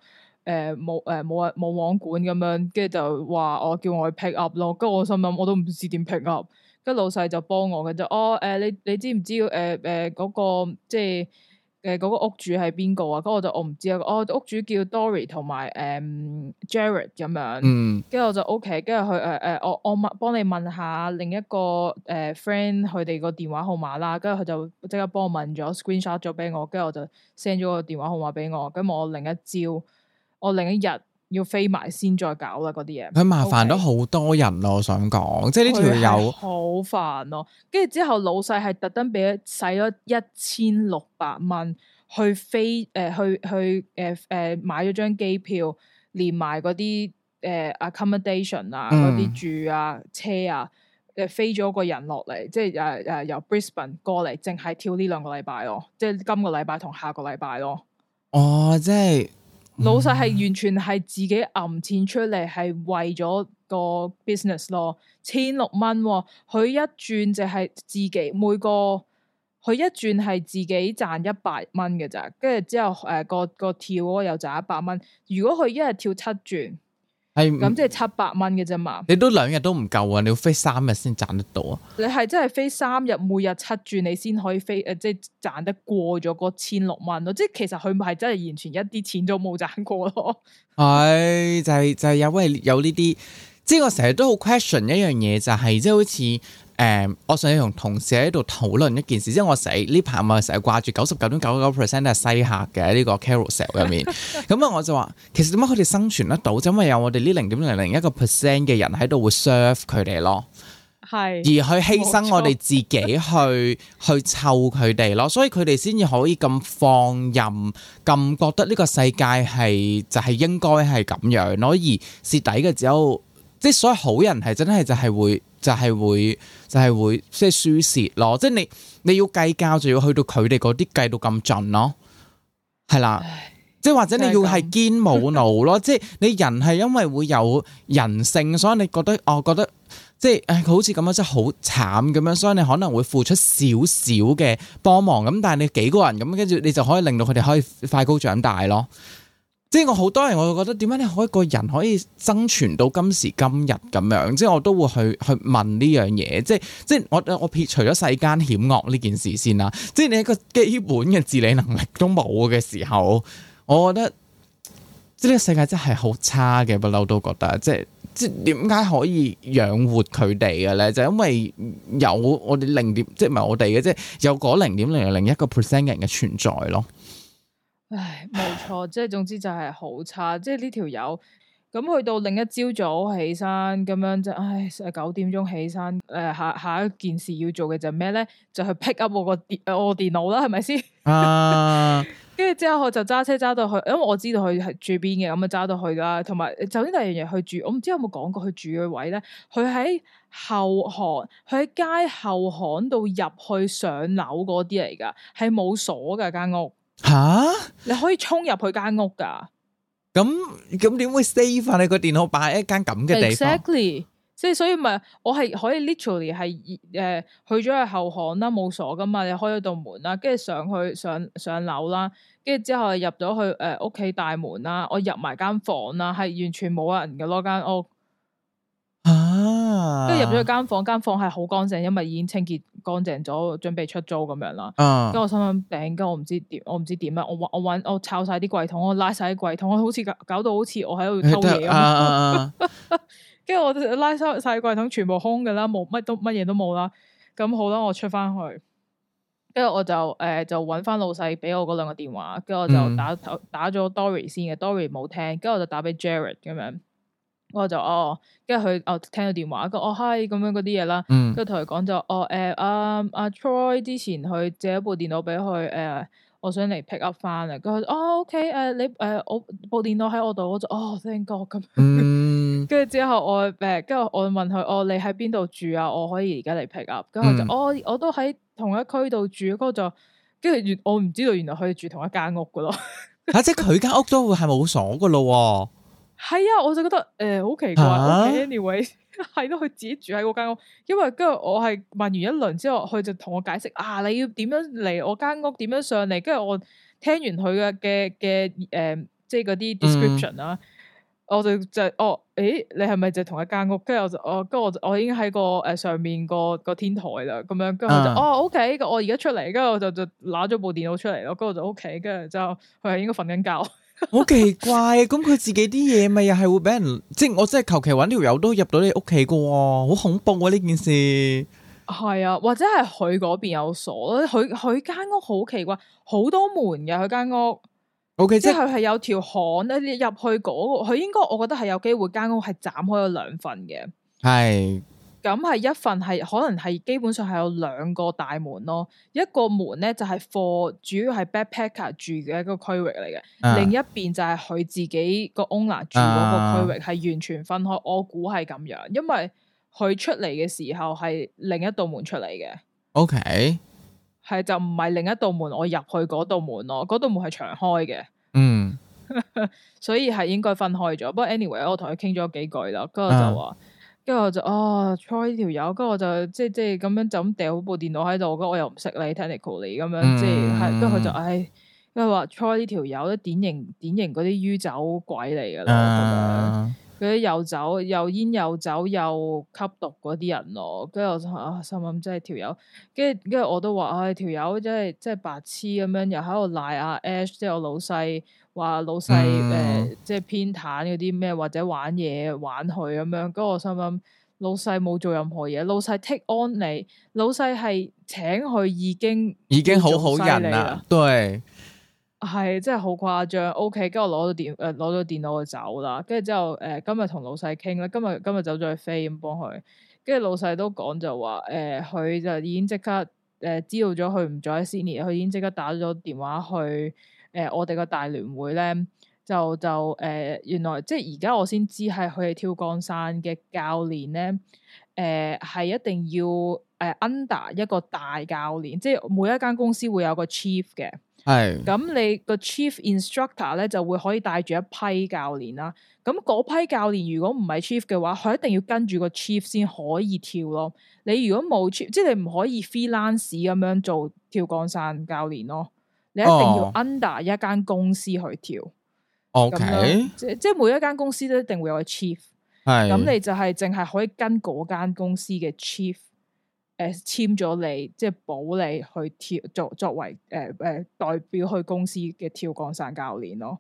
誒冇誒冇人冇網管咁樣，跟住就話我、哦、叫我去 pick up 咯，跟住我心諗我都唔知點 pick up，跟住老細就幫我嘅就哦誒、呃、你你知唔知誒誒嗰個即係誒嗰個屋主係邊個啊？咁我就我唔知啊，我、哦、屋主叫 Dory 同埋誒、呃、Jared 咁樣，跟住我就 OK，跟住佢誒誒我我問幫你問下另一個誒、呃、friend 佢哋個電話號碼啦，跟住佢就即刻幫我問咗，screen shot 咗俾我，跟住我就 send 咗個電話號碼俾我，咁我另一招。我另一日要飛埋先，再搞啦嗰啲嘢，佢麻煩咗好多人咯，Okay 我想講，即係呢條友好煩咯。跟住，啊、之後老，老細係特登俾咗使咗一千六百蚊去飛，誒、呃，去去，誒，誒，買咗張機票，連埋嗰啲，誒、呃、accommodation 啊，嗰啲，嗯、住啊，車啊，誒，飛咗個人落嚟，即係誒誒，由 Brisbane 過嚟，淨係跳呢兩個禮拜咯，即係今個禮拜同下個禮拜咯。哦，即係。老實係完全係自己揞錢出嚟，係為咗個 business 咯，千六蚊，佢一轉就係自己每個，佢一轉係自己賺一百蚊嘅咋，跟住之後誒、呃、個個跳又賺一百蚊，如果佢一日跳七轉。係咁即係七百蚊嘅啫嘛，你都兩日都唔夠啊，你要飛三日先賺得到啊。你係真係飛三日，每日七轉，你先可以飛誒、呃，即係賺得過咗嗰千六萬咯。即係其實佢唔係真係完全一啲錢都冇賺過咯。係、哎、就係、是、就係、是、有喂有呢啲，即係我成日都好 question 一樣嘢就係即係好似。誒、嗯，我想要同同事喺度討論一件事，即係我成呢排咪成日掛住九十九點九九 percent 都係細客嘅呢個 Carousell 入面，咁啊、 嗯、我就話，其實點解佢哋生存得到？就是、因為有我哋呢零點零零一個 percent 嘅人喺度會 serve 佢哋咯，係是而去犧牲我哋自己去沒錯 去湊佢哋咯，所以佢哋先至可以咁放任，咁 覺得呢個世界係就係、是、應該係咁樣咯，而蝕底嘅只有。即係所以好人係真係就係會就係會就係會即係輸蝕咯，即係你你要計較就要去到佢哋嗰啲計到咁盡咯，係啦，即係或者你要係堅冇腦咯， 即係你人係因為會有人性，所以你覺得哦覺得即係佢、哎、好似咁樣即係好慘咁樣，所以你可能會付出少少嘅幫忙咁，但係你幾個人咁跟住你就可以令到佢哋可以快高長大咯。即係我好多人，我會覺得點解你可以個人可以生存到今時今日咁樣，即係我都會去去問呢樣嘢。即係即係我我撇除咗世間險惡呢件事先啦。即係你一個基本嘅自理能力都冇嘅時候，我覺得即係呢個世界真係好差嘅，不嬲都覺得。即係即係點解可以養活佢哋嘅咧？就因為有我哋零點，即係唔係我哋嘅，即係有嗰零點零零一個 percent 嘅人嘅存在咯。唉，冇錯，即係總之就係好差，即係呢條友咁去到另一朝早起身咁樣就唉，九點鐘起身，誒下下一件事要做嘅就係咩咧？就去 pick up 我個電我電腦啦，係咪先？跟住之後我就揸車揸到去，因為我知道佢係住邊嘅，咁啊揸到去噶。同埋，首先第二樣嘢，佢住我唔知有冇講過佢住嘅位咧？佢喺後巷，佢喺街後巷度入去上樓嗰啲嚟噶，係冇鎖噶間屋。吓！哈你可以衝入去間屋噶，咁，咁點會 save 翻你個電腦擺喺一間咁嘅地方？Exactly，即係 所以咪我係可以 literally 係誒、呃、去咗去後巷啦，冇鎖噶嘛，你開咗道門啦，跟住上去上上樓啦，跟住之後入咗去誒屋企大門啦，我入埋間房啦，係、啊、完全冇人嘅嗰間屋。跟住入咗一間房間，間房係好乾淨，因為已經清潔乾淨咗，準備出租咁樣啦。跟住、啊、我心諗頂，突然間我唔知點，我唔知點咧，我搵我搵我抄晒啲櫃桶，我拉晒啲櫃桶，我好似搞，搞到好似我喺度偷嘢咁。跟住、啊、 我拉晒晒櫃桶，全部空噶啦，冇乜都乜嘢都冇啦。咁好啦，我出翻去，跟住我就誒、呃、就搵翻老細俾我嗰兩個電話，跟住我就打、嗯、打咗 Dory 先嘅，Dory 冇聽，跟住我就打俾 Jared 咁樣。我就哦，跟住佢哦，聽到電話咁，我嗨咁樣嗰啲嘢啦，跟住同佢講就哦，誒，阿阿、嗯哦呃啊啊、Troy 之前佢借一部電腦俾佢，誒、呃，我想嚟 pick up 翻啦，佢哦，OK，誒、呃，你誒、呃，我部電腦喺我度，我就哦 thank you 咁，跟住、嗯、之後我誒，跟、呃、住我問佢，哦，你喺邊度住啊？我可以而家嚟 pick up，跟住就我、嗯哦、我都喺同一區度住，個就跟住原我唔知道，原來佢住同一間屋噶咯、嗯，吓， 即佢間屋都會係冇鎖噶咯。係啊，我就覺得誒，好、呃、奇怪。啊、anyway，係 咯，佢自己住喺嗰間屋，因為跟住我係問完一輪之後，佢就同我解釋啊，你要點樣嚟我間屋，點樣上嚟。跟住我聽完佢嘅嘅嘅誒，即係嗰啲 description 啦、嗯，我就就哦，誒，你係咪就是同一間屋？跟住我就哦，跟住我就，我已經喺個誒上面個個天台啦，咁樣。跟住我就、嗯、哦，OK，我而家出嚟。跟住我就就攞咗部電腦出嚟咯。跟住我就 OK。跟住就，佢係應該瞓緊覺。 好奇怪，咁佢自己啲嘢咪又係會俾人，即係我真係求其揾條友都入到你屋企嘅，好恐怖啊，呢件事。係啊，或者係佢嗰邊有鎖，佢佢間屋好奇怪，好多門嘅佢間屋。OK，即係佢係有條巷，你入去嗰、嗰個，佢應該我覺得係有機會間屋係斬開咗兩份嘅。係。咁係一份係，可能係基本上係有兩個大門咯。一個門咧就係、是、貨主要係 backpacker 住嘅一個區域嚟嘅，uh, 另一邊就係佢自己個 owner 住嗰個區域係完全分開。Uh, 我估係咁樣，因為佢出嚟嘅時候係另一道門出嚟嘅。OK，係就唔係另一道門，我入去嗰道門咯。嗰道門係長開嘅。嗯，um, 所以係應該分開咗。不過、uh, anyway，我同佢傾咗幾句啦，跟住就話。跟住我就哦 try 呢條友，跟住我就即即咁樣就咁掉部電腦喺度，跟我又唔識你，technical 你咁樣，即係跟住佢就唉，跟住話 try 呢條友都典型典型嗰啲酗酒鬼嚟噶啦，嗰啲、啊、又酒又煙又酒又吸毒嗰啲人咯，跟住我就，啊，心諗真係條友，跟住跟住我都話唉，條友真係真係白痴咁樣，又喺度賴阿、啊、Ash 即係我老細。話老細誒，即係偏袒嗰啲咩，或者玩嘢玩佢咁樣。咁我心諗老細冇做任何嘢，老細 take on 你，老細係請佢已經已經好好人啦。對，係真係好誇張。OK，跟住我攞咗電誒，攞、呃、咗電腦就走啦。跟住之後誒，今日同老細傾啦，今日今日走咗去飛咁幫佢。跟住老細都講就話誒，佢、呃、就已經即刻誒、呃、知道咗佢唔再 senior，佢已經即刻打咗電話去。誒、呃，我哋個大聯會咧，就就誒、呃，原來即係而家我先知係佢係跳降傘嘅教練咧，誒、呃、係一定要誒 under 一個大教練，即係每一間公司會有個 chief 嘅，係是。咁你個 chief instructor 咧就會可以帶住一批教練啦。咁嗰批教練如果唔係 chief 嘅話，佢一定要跟住個 chief 先可以跳咯。你如果冇 chief，即係你唔可以 freelance 咁樣做跳降傘教練咯。你一定要 under 一間公司去跳，咁咯 Okay？即即係每一間公司都一定會有個 chief，係是，咁你就係淨係可以跟嗰間公司嘅 chief，誒簽咗你，即、就、係、是、保你去跳，作作為誒誒、呃呃、代表去公司嘅跳降傘教練咯，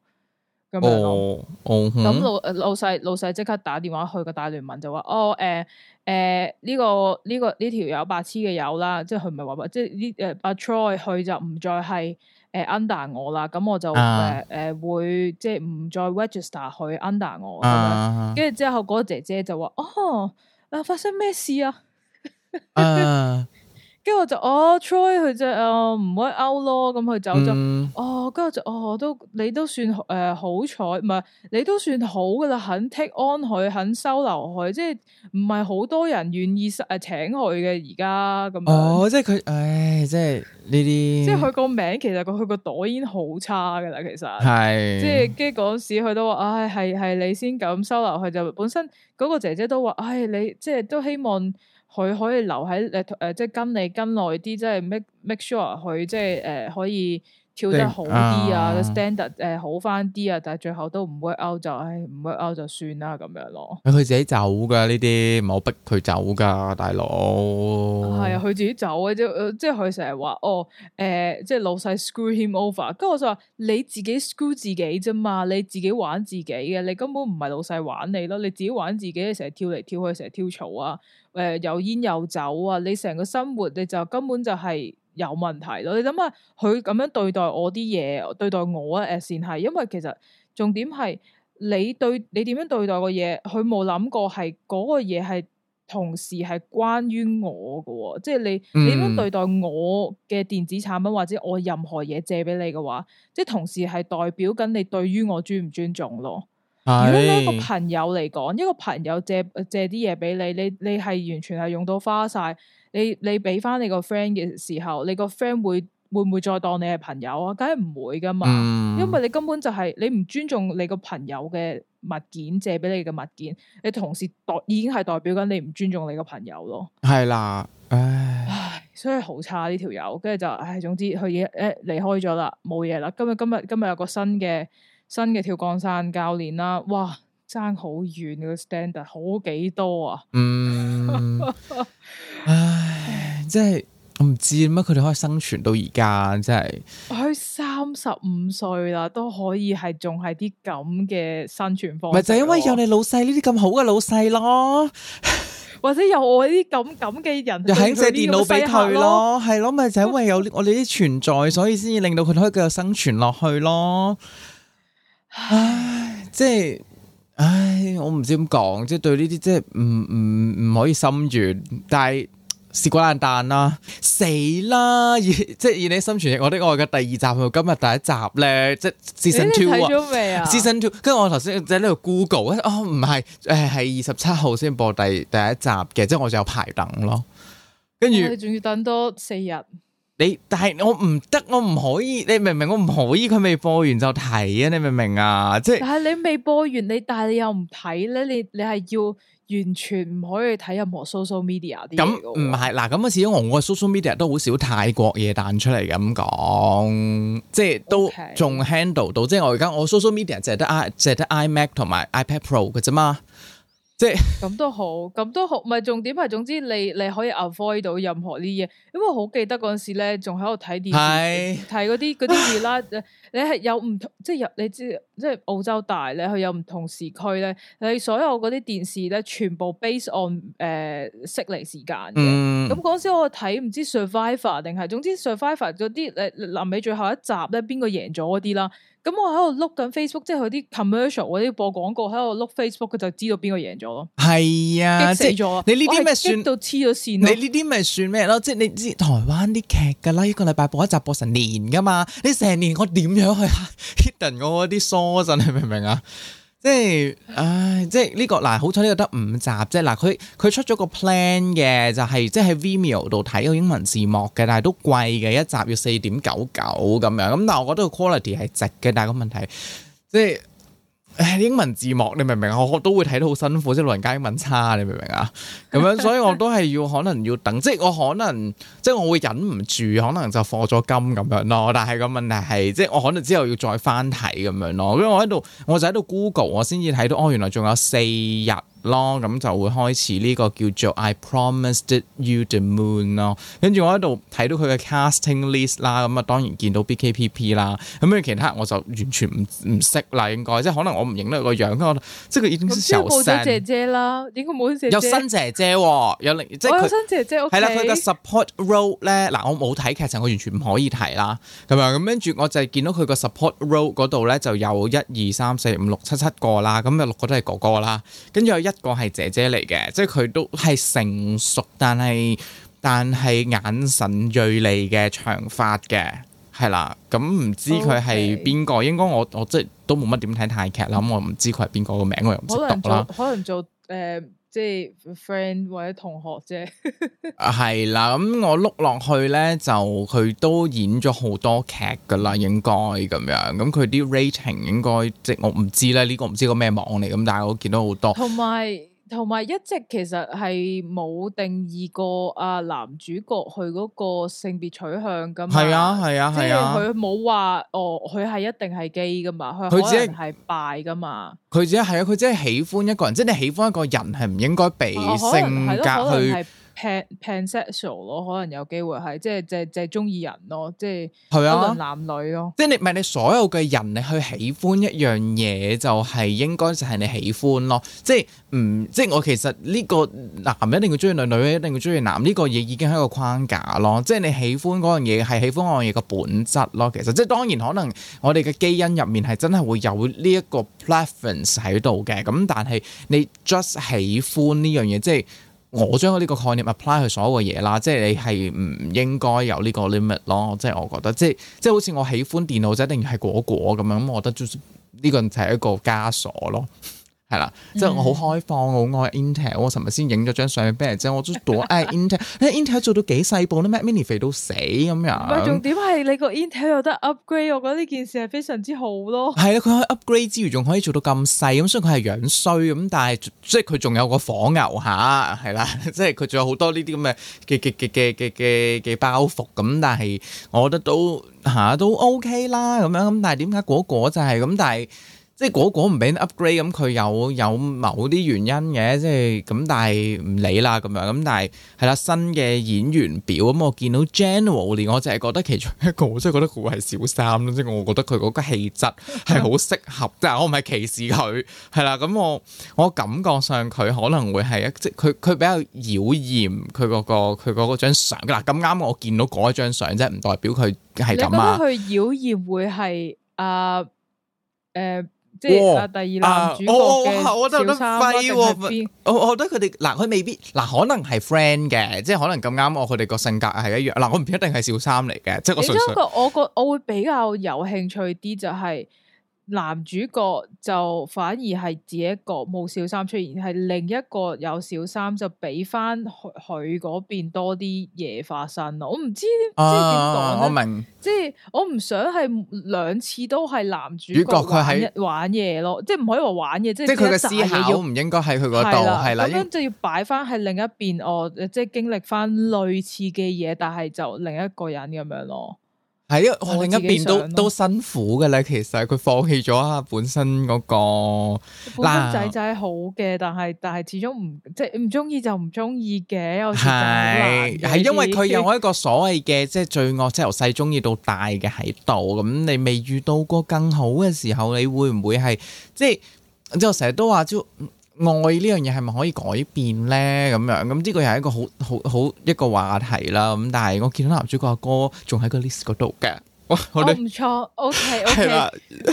咁咁、oh, oh, hmm? 老老細老細即刻打電話去個大聯盟就話，哦誒誒呢個呢個呢條友白痴嘅友啦，即係佢唔係話即係呢誒阿 Troy 佢就唔再係。誒 under 我啦，咁我就誒誒會,、uh, 呃、會即係唔再 register 去 under 我咁樣，跟住之後嗰個姐姐就話：哦，啊發生咩事啊？ uh, 跟住我就哦，Troy 佢就啊唔可以 out 咯，咁佢走咗哦。跟住、哦嗯、我就哦，都你都算誒好彩，唔、呃、係你都算好噶啦，肯 take on 佢，肯收留佢，即係唔係好多人願意誒請佢嘅而家咁。哦，即係佢，唉、哎，即係呢啲。即係佢個名，其實佢佢個朵已經好差噶啦，其實係。是即係跟住嗰時佢都話，唉、哎，係係你先敢收留佢，就本身嗰個姐姐都話，唉、哎，你即係都希望。佢可以留喺誒誒，即係跟你跟耐啲，即係 make make sure 佢即係誒、呃、可以。跳得好啲啊，個 standard 誒好翻啲啊，standard, 呃、但係最後都唔會 out 就唉，唔會 out 就算啦咁樣咯。佢自己走噶呢啲，唔好逼佢走噶大佬。係啊，佢、啊、自己走嘅，啫。即係佢成日話哦誒，即係、哦呃、老細 screw him over。咁我就話你自己 screw 自己啫嘛，你自己玩自己嘅，你根本唔係老細玩你咯，你自己玩自己成日跳嚟跳去，成日跳槽啊，誒、呃、又煙又酒啊，你成個生活你就根本就係、是。有問題咯，你諗下佢咁樣對待我啲嘢，對待我咧誒，先係，因為其實重點係你對你點樣對待個嘢，佢冇諗過係嗰個嘢係同時係關於我㗎喎，即係你你點樣對待我嘅電子產品或者我任何嘢借俾你嘅話，即係同時係代表緊你對於我尊唔尊重咯。是如果一個朋友嚟講，一個朋友借借啲嘢俾你，你你係完全係用到花晒。你你俾翻你個 friend 嘅時候，你個 friend 會會唔會再當你係朋友啊？梗係唔會噶嘛，嗯、因為你根本就係、是、你唔尊重你個朋友嘅物件借俾你嘅物件，你同時代已經係代表緊你唔尊重你個朋友咯。係啦，唉，唉所以好差呢條友，跟住就唉，總之佢已經誒離開咗啦，冇嘢啦。今日今日今日有個新嘅新嘅跳降傘教練啦、啊，哇，爭好遠個 standard，好幾多啊。嗯 唉，即係我唔知點解佢哋可以生存到而家，即係佢三十五歲啦，都可以係仲係啲咁嘅生存方。咪就因為有你老細呢啲咁好嘅老細咯，或者有我呢啲咁咁嘅人，又肯借電腦俾佢咯，係咯，咪就係因為有我哋啲存在， 所以先至令到佢可以繼續生存落去咯。唉，即係。唉，我唔知點講，即係對呢啲，即係唔唔唔可以心軟，但係蝕骨爛彈啦，死啦！而即係而你心存我的愛嘅第二集，今日第一集咧，即係《season two》啊，呃《season two》。跟住我頭先就喺呢度 Google，哦唔係，誒係二十七號先播第第一集嘅，即係我就有排等咯。跟住、哎，你仲要等多四日。你但係我唔得，我唔可以，你明唔明？我唔可以，佢未播完就睇啊！你明唔明啊？即係但係你未播完，你但係你又唔睇咧？你你係要完全唔可以睇任何 social media 啲嘢嘅？唔係嗱，咁嘅始因我我 social media 都好少泰國嘢彈出嚟咁講，即係都仲 handle 到。Okay. 即係我而家我 social media 淨係得 i 淨係得 iMac 同埋 iPad Pro 嘅啫嘛。即係咁都好，咁都好，唔係重點係，總之你你可以 avoid 到任何啲嘢。因為我好記得嗰陣時咧，仲喺度睇電視，睇嗰啲啲嘢啦。欸、 你係有唔同即係，你知即係澳洲大咧，佢有唔同時區咧。你所有嗰啲電視咧，全部 base on 誒、呃、悉尼時間嘅。咁嗰陣時我睇唔知 survivor 定係總之 survivor 嗰啲你臨尾最後一集咧，邊個贏咗嗰啲啦？咁我喺度碌緊 Facebook，即係佢啲 commercial 或者播廣告喺度碌 Facebook，佢就知道邊個贏咗咯。係啊，死咗！你呢啲咪算到黐咗線啊，你呢啲咪算咩咯？即係你知台灣啲劇㗎啦，一個禮拜播一集播成年㗎嘛，你成年我點樣去 hidden 人我嗰啲 show 先，你明唔明啊？即係，唉，啊，即係呢個嗱，好彩呢個得五集啫。嗱，佢佢出咗個 plan 嘅，就係即係喺 Vimeo 度睇個英文字幕嘅，但係都貴嘅，一集要四點九九咁樣。咁但係我覺得個 quality 係值嘅，但係個問題即係。英文字幕你明唔明啊？我我都會睇到好辛苦，即係老人家英文差，你明唔明啊？咁樣，所以我都係要可能要等，即係我可能即係我會忍唔住，可能就課咗金咁樣咯。但係個問題係，即係我可能之後要再翻睇咁樣咯。因為我喺度，我就喺度 Google，我先至睇到，哦，原來仲有四日。咯，咁就會開始呢個叫做 I Promised You the Moon 咯。跟住我喺度睇到佢嘅 casting list 啦，咁啊當然見到 B.K.P.P. 啦，咁樣其他我就完全唔唔識啦，應該即係可能我唔認得個樣。即係佢已經有老姐姐啦，應該冇有新姐姐喎，有即係佢新姐姐屋係啦，佢、okay? 嘅 support role 咧，嗱我冇睇劇情，我完全唔可以睇啦。咁樣咁跟住我就見到佢個 support role 嗰度咧，就有一二三四五六七七個啦，咁有六個都係哥哥啦，跟住有一個係姐姐嚟嘅，即係佢都係成熟，但係但係眼神銳利嘅長髮嘅，係啦。咁、嗯、唔知佢係邊個？Okay. 應該我我即係都冇乜點睇泰劇啦，咁我唔知佢係邊個個名，我又唔識讀啦。可能做誒。呃即係 friend 或者同學啫 、啊，係啦。咁、嗯、我碌落去咧，就佢都演咗好多劇噶啦，應該咁樣。咁佢啲 rating 應該即係我唔知咧，呢、這個唔知個咩網嚟。咁但係我見到好多。同埋。同埋一直其實係冇定義過阿男主角佢嗰個性別取向噶嘛，係啊係啊，係啊。佢冇話哦，佢係一定係基 a 噶嘛，佢可能係 bi 噶嘛，佢只係啊，佢只係喜歡一個人，即係你喜歡一個人係唔應該俾性格去。啊 pan, pansexual 咯，可能有機會係即係即係即係中意人咯，即、就、係、是，無論、啊、男女咯。即係你唔係、就是、你所有嘅人，你去喜歡一樣嘢就係、是、應該就係你喜歡咯。即係唔、嗯、即係我其實呢個男、嗯、一定要中意女，女一定要中意男，呢、這個嘢已經係一個框架咯。即係你喜歡嗰樣嘢係喜歡嗰樣嘢嘅本質咯。其實即係當然可能我哋嘅基因入面係真係會有呢一個 preference 喺度嘅。咁但係你 just 喜歡呢樣嘢，即係。我將呢個概念 apply 去所有嘅嘢啦，即係你係唔應該有呢個 limit 咯，即係我覺得即係即係好似我喜歡電腦就一定係果果咁樣，咁我覺得呢個係一個枷鎖咯。係啦，即係我好開放，el, 嗯、我好愛 Intel。我尋日先影咗張相俾人，即係我 都賭誒、哎、Intel，Intel、哎、做到幾細部咧 Mac Mini 肥到死咁樣。但係重點係你個 Intel 有得 upgrade，我覺得呢件事係非常之好咯。係啦，佢可以 upgrade 之餘，仲可以做到咁細，咁所以佢係樣衰咁。但係即係佢仲有個火牛下，係、啊、啦，即係佢仲有好多呢啲咁嘅嘅嘅嘅嘅嘅嘅包袱。咁但係我覺得都吓、啊、都 OK 啦，咁樣咁。但係點解果果就係咁？但係。即係果果唔俾 upgrade 咁，佢有有某啲原因嘅，即係咁，但係唔理啦咁樣。咁但係係啦，新嘅演員表咁，我見到 g e e n 詹雯蓮，我淨係覺得其中一個，即係覺得佢係小三咯。即係我覺得佢嗰個氣質係好適合，即係 我唔係歧視佢，係啦。咁我我感覺上佢可能會係一即係佢佢比較妖艷佢嗰個佢嗰個張相嗱咁啱，我見到嗰一張相即係，唔代表佢係咁啊。佢妖艷會係啊？誒、呃？呃即係第二男主角，哦呃、小三一定我我覺得佢哋嗱，佢是未必嗱，可能係 friend 嘅，即係可能咁啱我佢哋個性格係一樣。嗱，我唔一定係小三嚟嘅，即係我純粹。我覺得我會比較有興趣啲就係、是。男主角就反而係自己一個冇小三出現，係另一個有小三就俾翻佢佢嗰邊多啲嘢發生咯。我唔知、啊、即係點講咧，我明即係我唔想係兩次都係男主角佢係玩嘢咯，即係唔可以話玩嘢，即係即係佢嘅思考唔應該喺佢嗰度，係啦，咁樣就要擺翻喺另一邊哦，即係經歷翻類似嘅嘢，但係就另一個人咁樣咯。係另一邊都都，都辛苦嘅咧。其實佢放棄咗啊，本身嗰、那個，本身仔仔好嘅，呃、但係但係始終唔即係唔中意就唔中意嘅。係係是因為佢有一個所謂嘅即係罪惡，即係由細中意到大嘅喺度。咁你未遇到過更好嘅時候，你會唔會係即係？即係成日都話，愛呢樣嘢係咪可以改變咧？咁樣，咁呢個又係一個好好好一個話題啦。咁但係我見到男主角阿哥仲喺個 list 嗰度嘅，我唔、哦、錯，OK OK 吧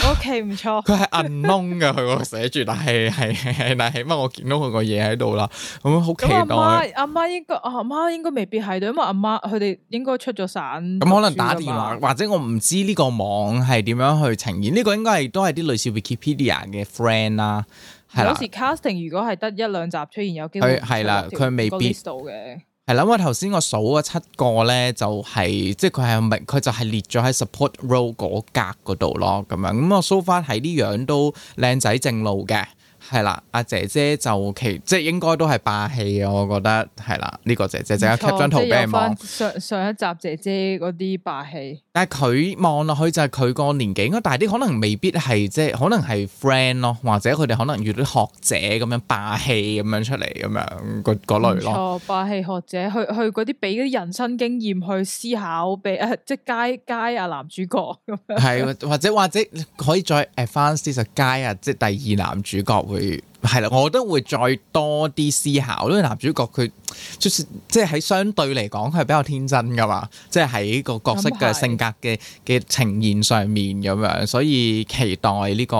OK 唔錯。佢係 unknown 嘅，佢寫住，但係係係起碼我見到佢個嘢喺度啦。咁好期待。阿、嗯、媽阿媽，媽，媽應該阿媽，媽應該未必係，因為阿媽佢哋應該出咗省、嗯。咁可能打電話吧或者我唔知呢個網係點樣去呈現。呢、這個應該係都係啲類似 Wikipedia 嘅 friend 啦、啊。係有時 casting 如果係得一兩集出現的有機會，佢係啦，佢未必到嘅。係啦，我頭先我數咗七個咧，就係、是、即係佢係明，佢就係列咗喺 support role 嗰格嗰度咯。咁樣咁我 so 數翻係呢樣，樣，樣都靚仔正路嘅。係啦，阿姐姐就其即係應該都係霸氣嘅，我覺得係啦。呢、這個姐姐就一 cut 張圖俾你望。錯上上,上一集姐姐嗰啲霸氣。但係佢望落去就係佢個年紀應該大啲，可能未必係即係，可能係 friend 咯，或者佢哋可能遇到學者咁樣霸氣咁樣出嚟咁樣嗰嗰類咯。霸氣學者去去嗰啲俾啲人生經驗去思考，俾、啊、誒即係街街啊男主角咁樣。係 或者或者可以再 advance 啲，就街啊，即係第二男主角會。係啦，我都會再多啲思考。因為男主角佢、就是、即係即係喺相對嚟講佢係比較天真噶嘛，即係喺個角色嘅性格嘅嘅呈現上面咁樣，所以期待呢個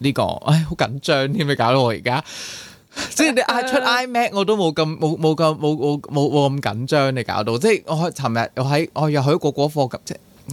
呢個，唉、這個，好、哎、緊張添，搞到我而家即係你嗌出 iMac，我都冇咁冇冇咁冇冇冇咁緊張，你搞到 即係、啊、我尋日我喺我，我又去果果課咁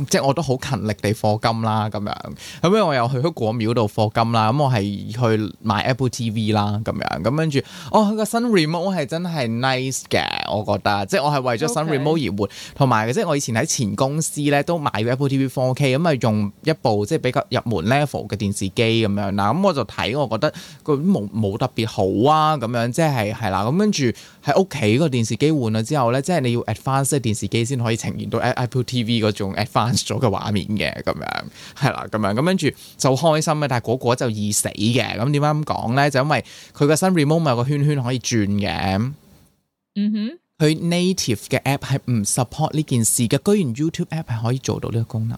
即係我都好勤力地課金啦，咁樣，咁跟住我又去咗果廟度課金啦，咁我係去買 Apple TV 啦，咁樣，咁跟住哦，佢個新 remote 係真係 nice 嘅，我覺得，即係我係為咗新 remote 而換。同埋 Okay. 即係我以前喺前公司咧都買 Apple TV 4K，咁啊用一部即係比較入門 level 嘅電視機咁樣啦，咁我就睇我覺得佢冇冇特別好啊，咁樣，即係係啦，咁跟住。喺屋企個電視機換咗之後咧，即係你要 advanced 電視機先可以呈現到 Apple TV 嗰種 advanced 咗嘅畫面嘅咁樣，係啦，咁樣，咁跟住就開心嘅，但係果果就易死嘅。咁點解咁講咧？就因為佢個新 remote 咪有個圈圈可以轉嘅。嗯哼、mm，佢、hmm. native 嘅 app 係唔 support 呢件事嘅，居然 YouTube app 係可以做到呢個功能。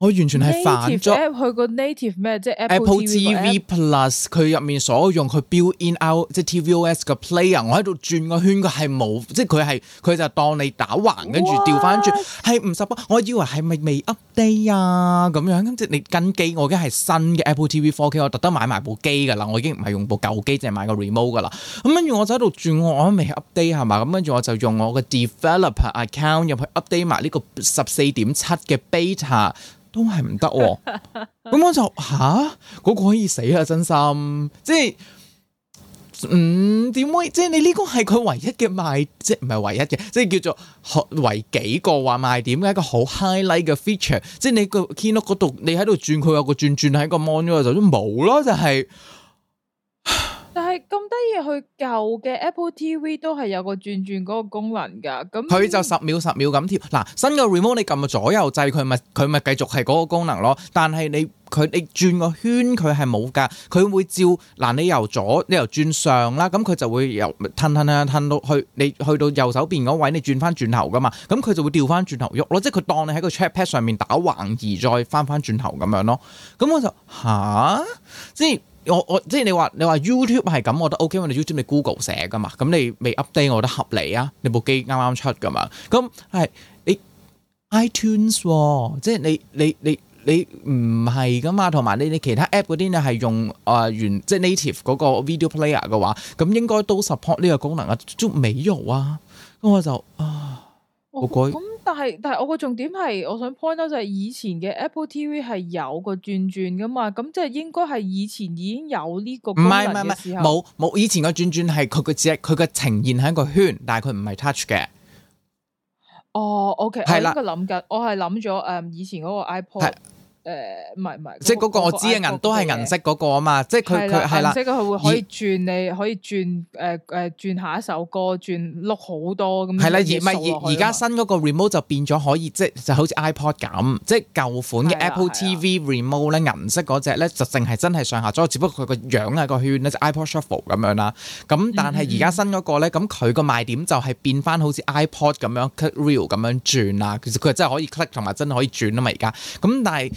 我完全係煩咗。佢個 native 咩？即係 Apple TV Plus 佢入面所有用佢 build in out 即係 TVOS 嘅 player，我喺度轉個圈，佢係冇，即係佢係佢就當你打橫跟住調翻轉，係唔 supp。What? ort, 我以為係咪未 update 啊？咁樣即係你跟機，我已經係新嘅 Apple TV 4K，我特登買埋部機噶啦，我已經唔係用部舊機，淨係買個 remote 噶啦。咁跟住我就喺度轉，我諗未 update 係嘛？咁跟住我就用我嘅 developer account 入去 update 埋呢個十四點七嘅 beta。都係唔得，咁 我就嚇嗰、嗰個可以死啊！真心。即係，嗯，點會？即係你呢個係佢唯一嘅賣，即係唔係唯一嘅，即係叫做學為幾個話賣點？一個好 highlight 嘅 feature，即係你個 keynote 嗰度，你喺度轉，佢有個轉轉喺個 mon 度就算冇咯，就係、是。但係咁得意，佢舊嘅 Apple TV 都係有個轉轉嗰個功能噶，咁、嗯、佢就十秒十秒咁跳。嗱，新嘅 remote 你撳個左右掣，佢咪佢咪繼續係嗰個功能咯。但係你佢你轉個圈，佢係冇噶，佢會照嗱你由左你由轉上啦，咁佢就會由褪褪褪褪到去你去到右手邊嗰位，你轉翻轉頭噶嘛，咁佢就會調翻轉頭喐咯，即係佢當你喺個 chat pad 上面打橫而再翻翻轉頭咁樣咯。咁我就吓，即我我即係你話你話 YouTube 係咁，我覺得 O K，我哋 YouTube 你 Google 寫噶嘛，咁你未 update，我覺得合理啊。你部機啱啱出噶嘛，咁係你 iTunes 即係你你你你唔係噶嘛，同埋你你其他 app 嗰啲你係用誒原即係 native 嗰個 video player 嘅話，咁應該都 support 呢個功能啊，都美容啊，咁我就啊好鬼。但係，但係我個重點係，我想 point out 就係以前嘅 Apple TV 係有個轉轉噶嘛，咁即係應該係以前已經有呢個功能嘅時候，冇冇以前個轉轉係佢個只係，佢個呈現喺個圈，但係佢唔係 touch 嘅。哦，oh，OK，係啦了，佢諗緊，我係諗咗誒，以前嗰個 iPod。誒，唔係唔係，即係嗰個、那個、我知嘅銀 iP od 都係銀色嗰個啊嘛，西即係佢佢係啦，銀色佢會可以轉，你可以轉，誒誒轉下一首歌，轉碌好多咁。係啦的，而唔係而家新嗰個 remote 就變咗可以，即係就好似 iPod 咁，即係舊款嘅 Apple TV remote 咧，銀色嗰隻咧就淨係真係上下咗。只不過佢個樣啊個圈咧就是、iPod shuffle 咁樣啦。咁但係而家新嗰、那個咧，咁佢個賣點就係變翻好似 iPod 咁樣 click wheel 咁樣轉啦。其實佢真係可以 click，同埋真係可以轉啊嘛。而家咁但係。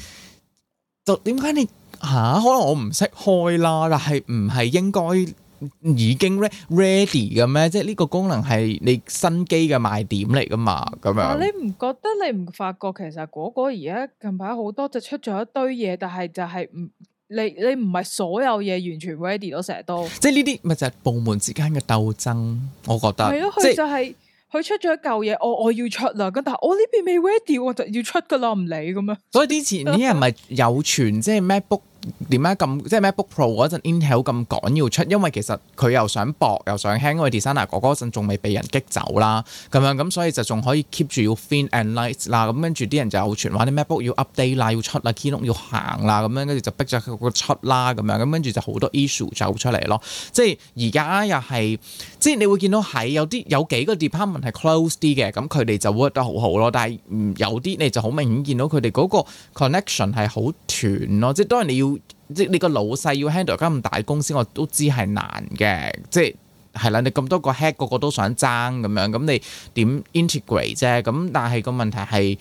就點解你吓可能我唔識開啦，但係唔係應該已經咧 ready 嘅咩？即係呢個功能係你新機嘅賣點嚟㗎嘛？咁樣你唔覺得你唔發覺其實果果而家近排好多就出咗一堆嘢，但係就係唔你你唔係所有嘢完全 ready 咯，成日都即係呢啲咪就係部門之間嘅鬥爭，我覺得係咯，即係。佢出咗一舊嘢，我、哦、我要出啦，咁但係我呢邊未 ready，我就要出噶啦，唔理咁樣，所以之前啲人咪有傳， 即係 MacBook。點解咁即係 MacBook Pro 嗰陣 Intel 咁趕要出，因為其實佢又想薄又想輕，因為 designer 哥哥嗰陣仲未被人激走啦，咁樣咁所以就仲可以 keep 住要 Thin and Light 啦，咁跟住啲人就傳話啲 MacBook 要 update 啦，要出啦，鍵盤要行啦，咁樣跟住就逼咗佢出啦，咁樣咁跟住就好多 issue 走出嚟咯。即係而家又係即係你會見到喺有啲有幾個 department 係 close 啲嘅，咁佢哋就 work 得好好咯，但係有啲你就好明顯見到佢哋嗰個 connection 係好斷咯，即係當然你要。即你個老細要 handle 間咁大公司，我都知係難嘅。即係係啦，你咁多個 head，個個都想爭咁樣，咁你點 integrate 啫？咁但係個問題係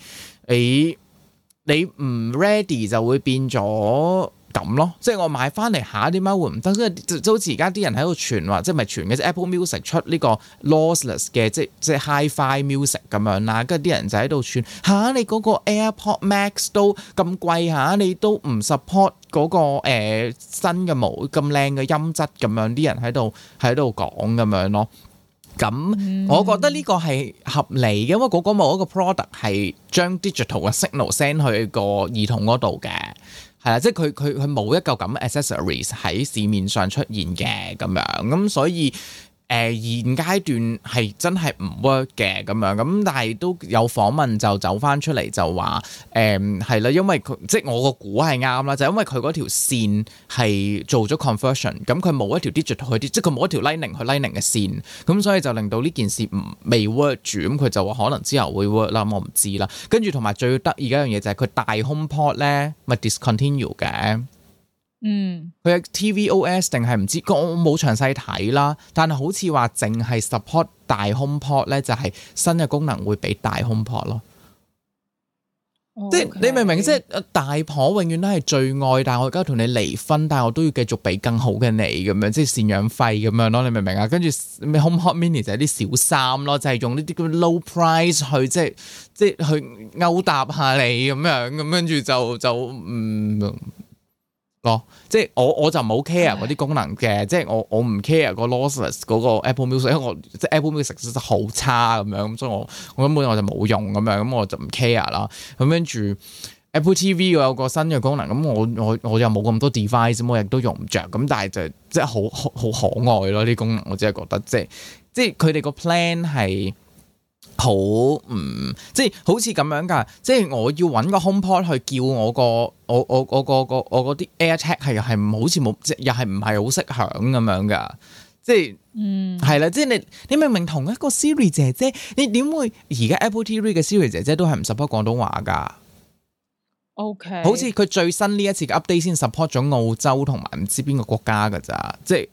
你你唔 ready 就會變咗。咁咯，即係我買翻嚟吓，點解會唔得？即係就好似而家啲人喺度傳話，即係咪傳嘅？即係 Apple Music 出呢個 lossless 嘅，即係即係 HiFi music 咁樣啦。跟住啲人就喺度傳吓，你嗰個 AirPod Max 都咁貴吓，你都唔 support 嗰個誒新嘅模咁靚嘅音質咁樣。啲人喺度喺度講咁樣咯。咁我覺得呢個係合理嘅，因為嗰個模嗰個 product 係將 digital 嘅 signal send 去個耳筒嗰度嘅。係啦，即係佢佢佢冇一個咁 accessories 喺市面上出現嘅咁樣，咁所以。誒、呃、現階段係真係唔 work 嘅咁樣，咁但係都有訪問就走翻出嚟就話誒係啦，因為佢即係我個估係啱啦，就係、因為佢嗰條線係做咗 conversion，咁佢冇一條 digital 嗰啲，即係佢冇一條 lining 去 lining 嘅線，咁所以就令到呢件事未 work 住，咁佢就話可能之後會 work 啦，我唔知啦。跟住同埋最得意嘅一樣嘢就係佢大 HomePod 咧，咪 discontinue 嘅。嗯，佢嘅 TVOS 定係唔知，我冇詳細睇啦。但係好似話淨係 support 大 HomePod 咧，就係新嘅功能會俾大 HomePod 咯。哦 okay。即係你明唔明？即係大婆永遠都係最愛，但係我而家同你離婚，但係我都要繼續俾更好嘅你咁樣，即係贍養費咁樣咯。你明唔明啊？跟住 HomePod Mini 就係啲小三咯，就係、是、用呢啲咁 low price 去即係即係去勾搭下你咁樣，咁跟住就就唔。嗯咯、哦，即係我我就冇 care 嗰啲功能嘅，的即係我我唔 care 個 lossless 嗰個 Apple Music，因為我即係 Apple Music 真係好差咁樣，咁所以我我根本我就冇用咁樣，咁我就唔 care 啦。咁跟住 Apple TV 又有個新嘅功能，咁我我我又冇咁多 device，我亦都用唔着。咁但係就即係好好可愛咯啲功能，我只係覺得即係即係佢哋個 plan 係。好，嗯，即係好似咁樣噶，即係我要搵個 HomePod 去叫我個我我我個個我嗰啲 AirTag 係係唔好似冇即又係唔係好識響咁樣噶，即係，嗯，係啦，即係你你明明同一個 Siri 姐姐，你點會而家 Apple TV 嘅 Siri 姐姐都係唔 support 廣東話噶？OK，好似佢最新呢一次嘅 update 先 support 咗澳洲同埋唔知邊個國家噶咋，即係。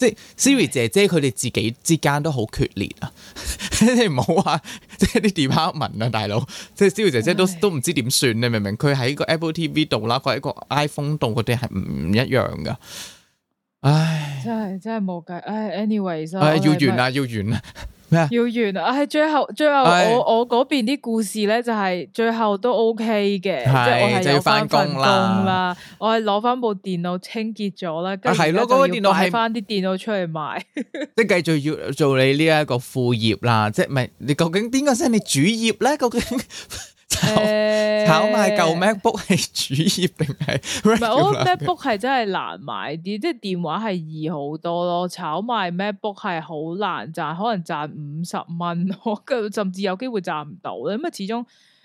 即係 Siri 姐姐佢哋自己之間都好決裂啊！ 你唔好話即係啲 department 啊，大佬，即係 Siri 姐姐都 都唔知點算，你明唔明？佢喺個 Apple TV 度啦，佢喺個 iPhone 度，佢哋係唔一樣噶。唉，真係真係冇計唉，anyway，要完啦，要完啦。要完啊！係最後最後我是我嗰邊啲故事咧就係最後都 OK 嘅，是即係我係就要翻工啦，我係攞翻部電腦清潔咗啦，跟住咧要賣翻啲電腦出嚟賣，即係繼續要做你呢一個副業啦，即係唔係你究竟邊個先係你主業咧？究竟？ 誒，炒賣舊 MacBook 係主業定係？唔係，我覺得 MacBook 係真係難買啲，即係電話係易好多咯。炒賣 MacBook 係好難賺，可能賺五十蚊，我甚至有機會賺唔到咧。因為，始終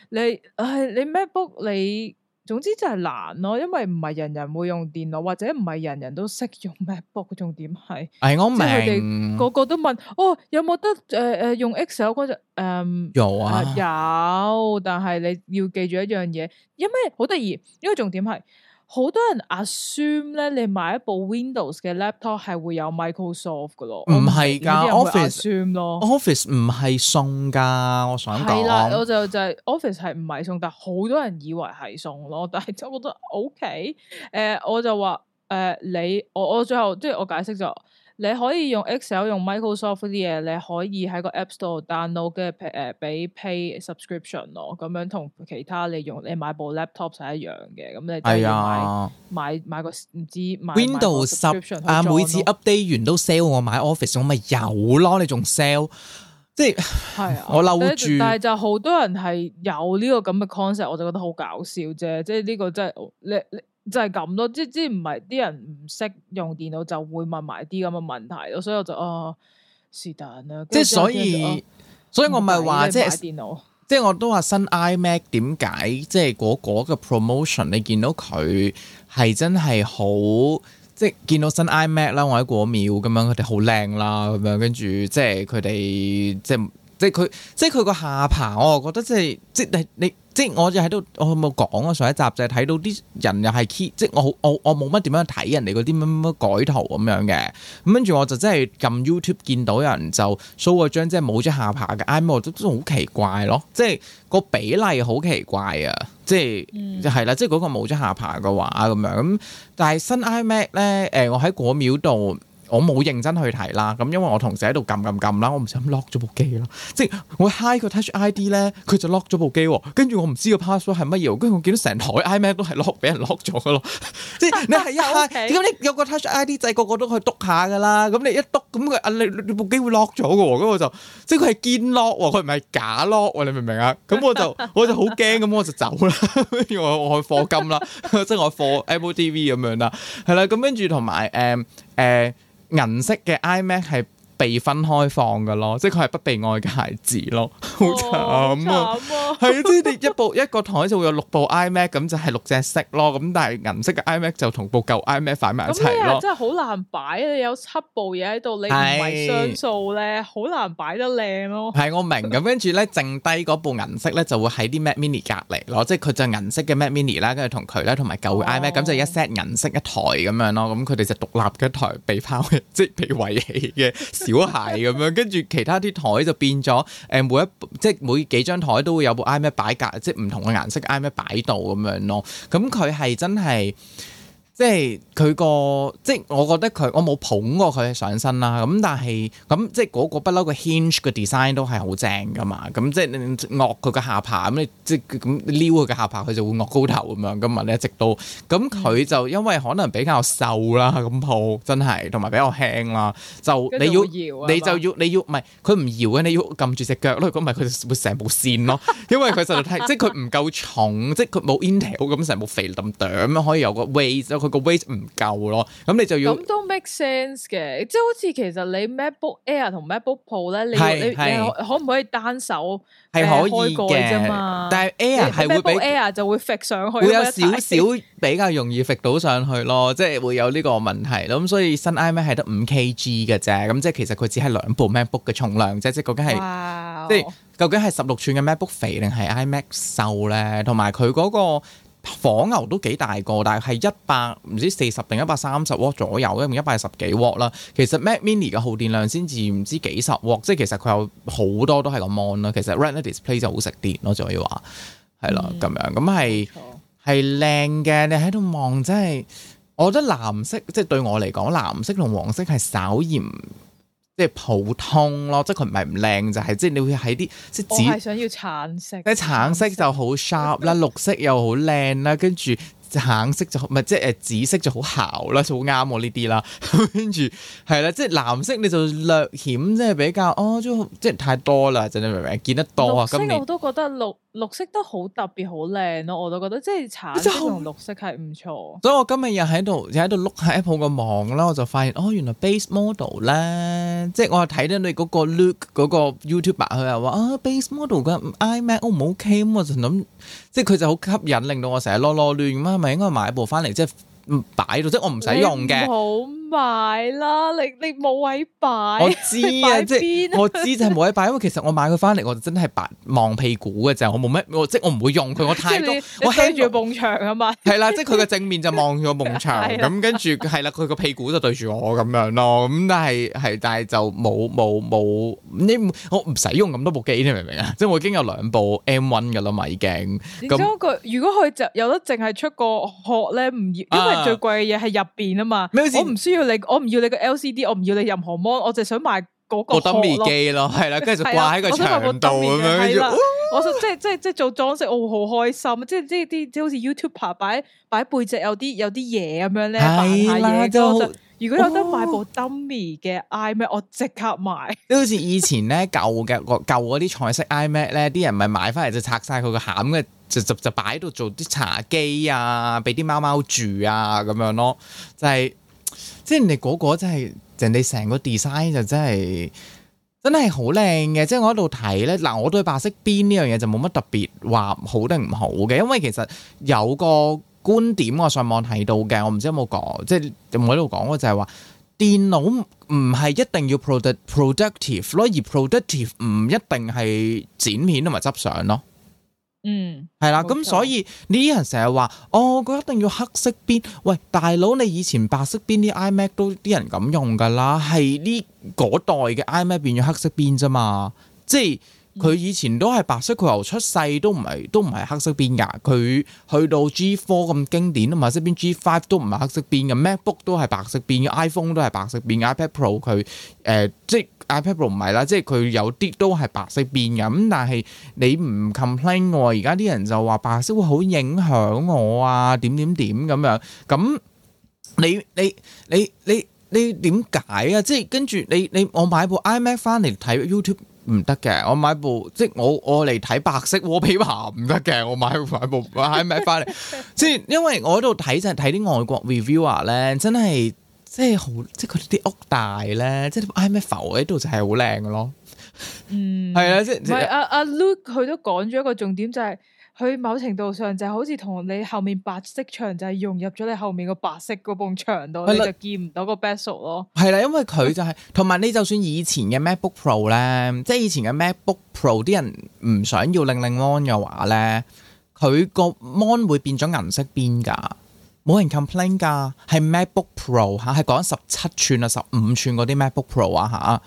你，誒，你 MacBook 你。總之就係難咯，因為唔係人人會用電腦，或者唔係人人都識用 MacBook。重點係，唔、哎、明，即係佢哋個個都問，哦，有冇得誒誒、呃呃、用 Excel 嗰陣？有啊、呃，有，但係你要記住一樣嘢，因咩好得意，因為重點係。好多人 assume 咧，你買一部 Windows 嘅 laptop 係會有 Microsoft 噶 Office, 咯？唔係噶，Office 咯，Office 唔係送噶。我想講，係啦，我就就係 Office 係唔係送，但係好多人以為係送咯。但係我覺得 OK，誒、呃，我就話，誒、呃，你我我最後即係、就是、我解釋咗。你可以用 Excel 用 Microsoft 啲嘢，你可以喺個 App Store download 嘅，誒，俾 pay subscription 咯，咁樣同其他你用你買部 Laptop 係一樣嘅，咁你就要買買買個唔知 Windows 啊，每次 update 完都 sell 我買 Office，我咪有咯，你仲 sell 即係，係啊，我嬲住，但係就好多人係有呢個咁嘅 concept，我就覺得好搞笑啫，即係呢個真係你你。就係咁咯，即即唔係啲人唔識用電腦就會問埋啲咁嘅問題咯，所以我就哦、啊、是但啦，即所以、哦、所以我咪係話即電腦即，即我都話新 iMac 點解即嗰、嗰個嘅、嗰個、promotion 你見到佢係真係好，即見到新 iMac 啦或者果秒咁樣佢哋好靚啦咁樣，跟住即佢哋即。即係佢，即係佢個下巴，我覺得即係，即係你，你，即係我，就喺度，我冇講啊。上一集就係睇到啲人又係 key，即係我好，我我冇乜點樣睇人哋嗰啲乜乜改圖咁樣嘅。咁跟住我就真係撳 YouTube 見到有人就 show 個張，即係冇咗下巴嘅 iMac 都都好奇怪咯。即係個比例好奇怪啊！即係、嗯、就係啦，即係嗰個冇咗下巴嘅話咁樣。咁但係新 iMac 咧，誒、呃，我喺果秒度。我冇認真去睇啦，咁因為我同事喺度撳撳撳啦，我唔小心 lock 咗部機啦。即係我 hi 個 touch ID 咧，佢就 lock 咗部機，跟住我唔知個 password 係乜嘢，跟住我見到成台 iMac 都係 lock 俾人 lock 咗嘅咯。即係你係一 hi，咁 你有個 touch ID 掣，個個都可以去篤下嘅啦。咁你一篤，咁佢啊，你你部機會 lock 咗嘅喎，咁我就即係佢係堅 lock，佢唔係假 lock，你明唔明啊？咁我就我就好驚，咁 我就走啦，跟住我去課金啦，即係我課 MOTV 咁樣啦，係啦，咁跟住同埋誒。嗯嗯誒、呃、銀色嘅 iMac 係。被分開放嘅咯，即係佢係不被愛嘅孩子咯，好慘啊！係、哦、啊，即係 一部一個台就會有六部 iMac 咁就係六隻色咯，咁但係銀色嘅 iMac 就同部舊 iMac 擺埋一齊咯。咁真係好難擺啊！有七部嘢喺度，你唔係雙數咧，好、哎、難擺得靚咯。係我明咁，跟住咧剩低嗰部銀色咧就會喺啲 Mac Mini 隔離咯，即係佢就銀色嘅 Mac Mini 啦，跟住同佢咧同埋舊 iMac 咁、哦、就一 set 銀色一台咁樣咯，咁佢哋就獨立嘅一台被拋嘅，即係被遺棄嘅。 小鞋咁樣，跟住其他啲台就變咗，誒每一即係每幾張台都會有部 iMac 擺架，即係唔同嘅顏色 iMac 擺到咁樣咯。咁佢係真係。即係佢個，即係我覺得佢，我冇捧過佢上身啦。咁但係，咁、嗯、即係嗰、嗰個不嬲個 hinge 嘅 design 都係好正噶嘛。咁、嗯、即係你惡佢個下巴，咁你即係咁撩佢個下巴，佢就會惡高頭咁樣噶嘛。你、嗯、一直到，咁、嗯、佢、嗯、就因為可能比較瘦啦，咁抱真係，同埋比較輕啦，就、啊、你要你就要你要唔係佢唔搖嘅，你要撳住隻腳咯。咁咪佢會成部線咯，因為佢實在即係佢唔夠重，即係佢冇 intel 咁成部肥冧哚咁，可以有個 weight。個 weight 唔夠咯，咁你就要咁都 make sense 嘅，即係好似其實你 MacBook Air 同 MacBook Pro 咧，你你可唔可以單手係可以嘅啫嘛？但係 Air 係即會比 Air 就會揈上去，會有少少比較容易揈到上去咯，即係會有呢個問題咯。咁 所以新 iMac 係得五 kg 嘅啫，咁即係其實佢只係兩部 MacBook 嘅重量啫，即係究竟係 Wow. 即係究竟係十六寸嘅 MacBook 肥定係 iMac 瘦咧，同埋佢嗰個。火牛都幾大個，但係係一百唔知四十定一百三十瓦左右，一唔一百十幾瓦啦。其實 Mac Mini 嘅耗電量先至唔知幾十瓦，即係其實佢有好多都係個 Mon 啦。其實 Retina Display 就好食啲咯，就可以話係咯咁樣，咁係係靚嘅。你喺度望即係，我覺得藍色即係、就是、對我嚟講，藍色同黃色係稍嫌。即係普通咯，即係佢唔係唔靚，就係即係你會喺啲即係只，係想要橙色，即橙色就好 sharp 啦， 綠色又好靚啦，跟住。橙色就唔係即係誒紫色就好姣啦，就好啱我呢啲啦。跟住係啦，即係藍色你就略顯即係比較哦，即係即係太多啦，就你明唔明？見得多啊！今年我都覺得綠綠色都好特別，好靚咯，我都覺得即係橙色同綠色係唔錯。 所以我今日又喺度又喺度 look 下 Apple 個網啦，我就發現哦，原來 Base Model 咧，即係我睇到你嗰個 look 嗰個 YouTuber 啊，佢又話哦 Base Model 嘅 iMac 哦唔 OK 我就諗。即係佢就好吸引，令到我成日囉囉亂咁啊，咪應該買一部翻嚟，即係擺到，即係我唔使用嘅。擺啦，你你冇位擺，我知啊，即係我知就係冇位擺，因為其實我買佢翻嚟，我真係白望屁股嘅就，我冇咩，我即係我唔會用佢，我太多，我向住個埲牆啊嘛，係啦，即係佢嘅正面就望住個埲牆，咁跟住係啦，佢個屁股就對住我咁樣咯，咁但係，係但係就冇冇冇，你我唔使用咁多部機，你明唔明啊？即係我已經有兩部 M One 噶啦嘛，已經咁。如果佢如果佢就有得淨係出個殼咧，唔要，因為最貴嘅嘢係入邊啊嘛，我唔需要。你我唔要你個 LCD，我唔要你任何芒，我就係想買嗰個。部 dummy 機咯，係啦，跟住就掛喺個牆度咁樣，我即係即係即係做裝飾，我好開心。即係即係啲即係好似 YouTuber 擺擺背脊有啲有啲嘢咁樣咧，扮下嘢。如果有得買部 dummy 嘅 iMac，我即刻買。好似以前咧舊嘅個舊嗰啲彩色 iMac 咧，啲人咪買翻嚟就拆晒佢個餡嘅，就就就擺喺度做啲茶几啊，俾啲貓貓住啊咁樣咯，就係。即係人哋嗰個真係，人哋成個 design 就真係真係好靚嘅。即係我喺度睇咧，嗱，我對白色邊呢樣嘢就冇乜特別話好定唔好嘅。因為其實有個觀點我上網睇到嘅，我唔知有冇講，即係我喺度講過就係話電腦唔係一定要 productive 咯，而 productive 唔一定係剪片同埋執相咯。嗯，係啦的，咁錯、嗯、所以呢啲人成日話，哦，佢、那個、一定要黑色邊，喂，大佬，你以前白色邊啲 iMac 都啲人咁用噶啦，係呢嗰代嘅 iMac 變咗黑色邊啫嘛，即係。佢以前都係白色，佢由出世都唔係都唔係黑色變噶。佢去到 G Four 咁經典啊嘛，即係邊 G Five 都唔係黑色變嘅。MacBook 都係白色變，iPhone 都係白色變，iPad Pro 佢誒、呃、即 iPad Pro 唔係啦，即係佢有啲都係白色變嘅。咁但係你唔 complain 嘅喎，而家啲人就話白色會好影響我啊點點點咁樣。咁你你你你你點解啊？即係跟住你你我買部 iMac 翻嚟睇 YouTube。唔得嘅，我買部即係我我嚟睇白色 wallpaper 嘛，唔得嘅，我買買部 iMac 翻嚟，即係 因為我喺度睇就係睇啲外國 reviewer 咧，真係即係好即係佢哋啲屋大咧，即係 iMac 喺度就係好靚嘅咯，嗯，係啦， 即係唔係阿阿 Luke 佢都講咗一個重點就係、是。佢某程度上就係、好似同你後面白色牆，就係、係、融入咗你後面個白色嗰埲牆度，的你就見唔到個 bezel 咯。係啦，因為佢就係同埋你，就算以前嘅 MacBook Pro 咧，即係以前嘅 MacBook Pro 啲人唔想要令令 mon 嘅話咧，佢個 mon 會變咗銀色邊噶，冇人 complain 㗎。係 MacBook Pro 嚇，係講十七寸啊，十五寸嗰啲 MacBook Pro 啊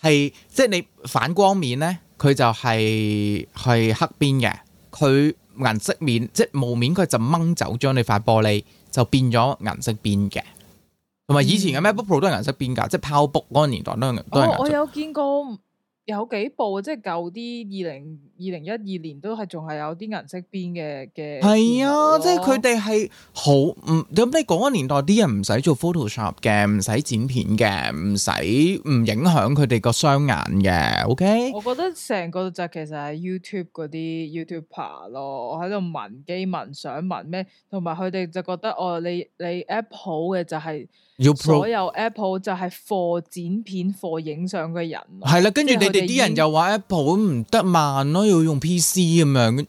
吓，係即係你反光面咧，佢就係、係、係黑邊嘅。佢銀色面即係霧面，佢就掹走將你塊玻璃就變咗銀色邊嘅，同埋以前嘅 MacBook Pro 都係銀色邊㗎，嗯、即係泡 book 嗰個年代都係都係。我、哦、我有見過有幾部即係舊啲二零。二零一二年都係仲係有啲銀色邊嘅嘅，係啊，即係佢哋係好唔咁。你嗰個年代啲人唔使做 Photoshop 嘅，唔使剪片嘅，唔使唔影響佢哋個雙眼嘅。OK，我覺得成個就其實係 YouTube 嗰啲 YouTuber 咯，我喺度問機問相問咩，同埋佢哋就覺得哦，你，你 Apple 嘅就係所有 Apple 就係 for 剪片 for 影相嘅人咯，係啦。跟住你哋啲人又話 Apple 唔得慢咯。要用 P.C. 咁樣，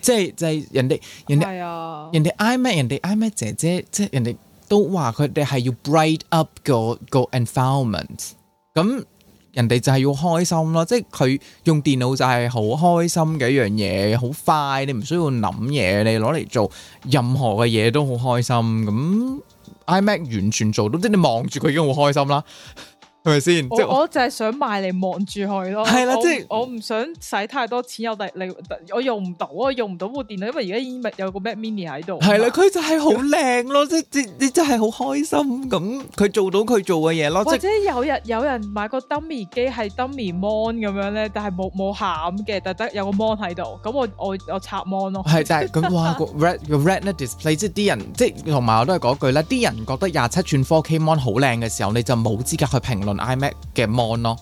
即 係就係、係就係、人哋人哋人哋 iMac 人哋 iMac 姐姐，即係人哋都話佢哋係要 bright up、個個 environment。咁人哋就係要開心咯，即係佢用電腦就係好開心嘅一樣嘢，好快，你唔需要諗嘢，你攞嚟做任何嘅嘢都好開心。咁 iMac 完全做到，即係你望住佢已經好開心啦。 係咪先？我我就係想買嚟望住佢咯。係啦，即係我唔想使太多錢又第你我用唔到啊，用唔到部電腦，因為而家已經咪有個 Mac Mini 喺度。係啦，佢就係好靚咯，即係你你真係好開心咁，佢做到佢做嘅嘢咯。或者有人有人買個 Dummy 機係 Dummy Mon 咁樣咧，但係冇冇餡嘅，但得有個 Mon 喺度，咁我我我插 Mon 咯。係，但係咁話個 Red 個 Red 呢？Display 即係啲人即係同埋我都係嗰句咧，啲人覺得廿七寸 4K Mon 好靚嘅時候，你就冇資格去評論。iMac 嘅 mon 咯，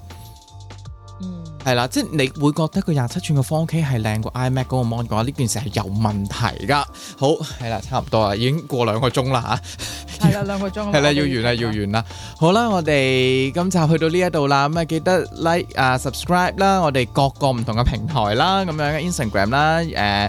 嗯，係啦，即係你會覺得佢廿七寸嘅方 K 係靚過 iMac 嗰個 mon 嘅話，呢件事係有問題噶。好係啦，差唔多啦，已經過兩個鐘啦吓，係啦兩個鐘，係啦要完啦要完啦。好啦，我哋今集去到呢一度啦，咁啊記得 like 啊 subscribe 啦，我哋各個唔同嘅平台啦，咁樣嘅 Instagram 啦，誒。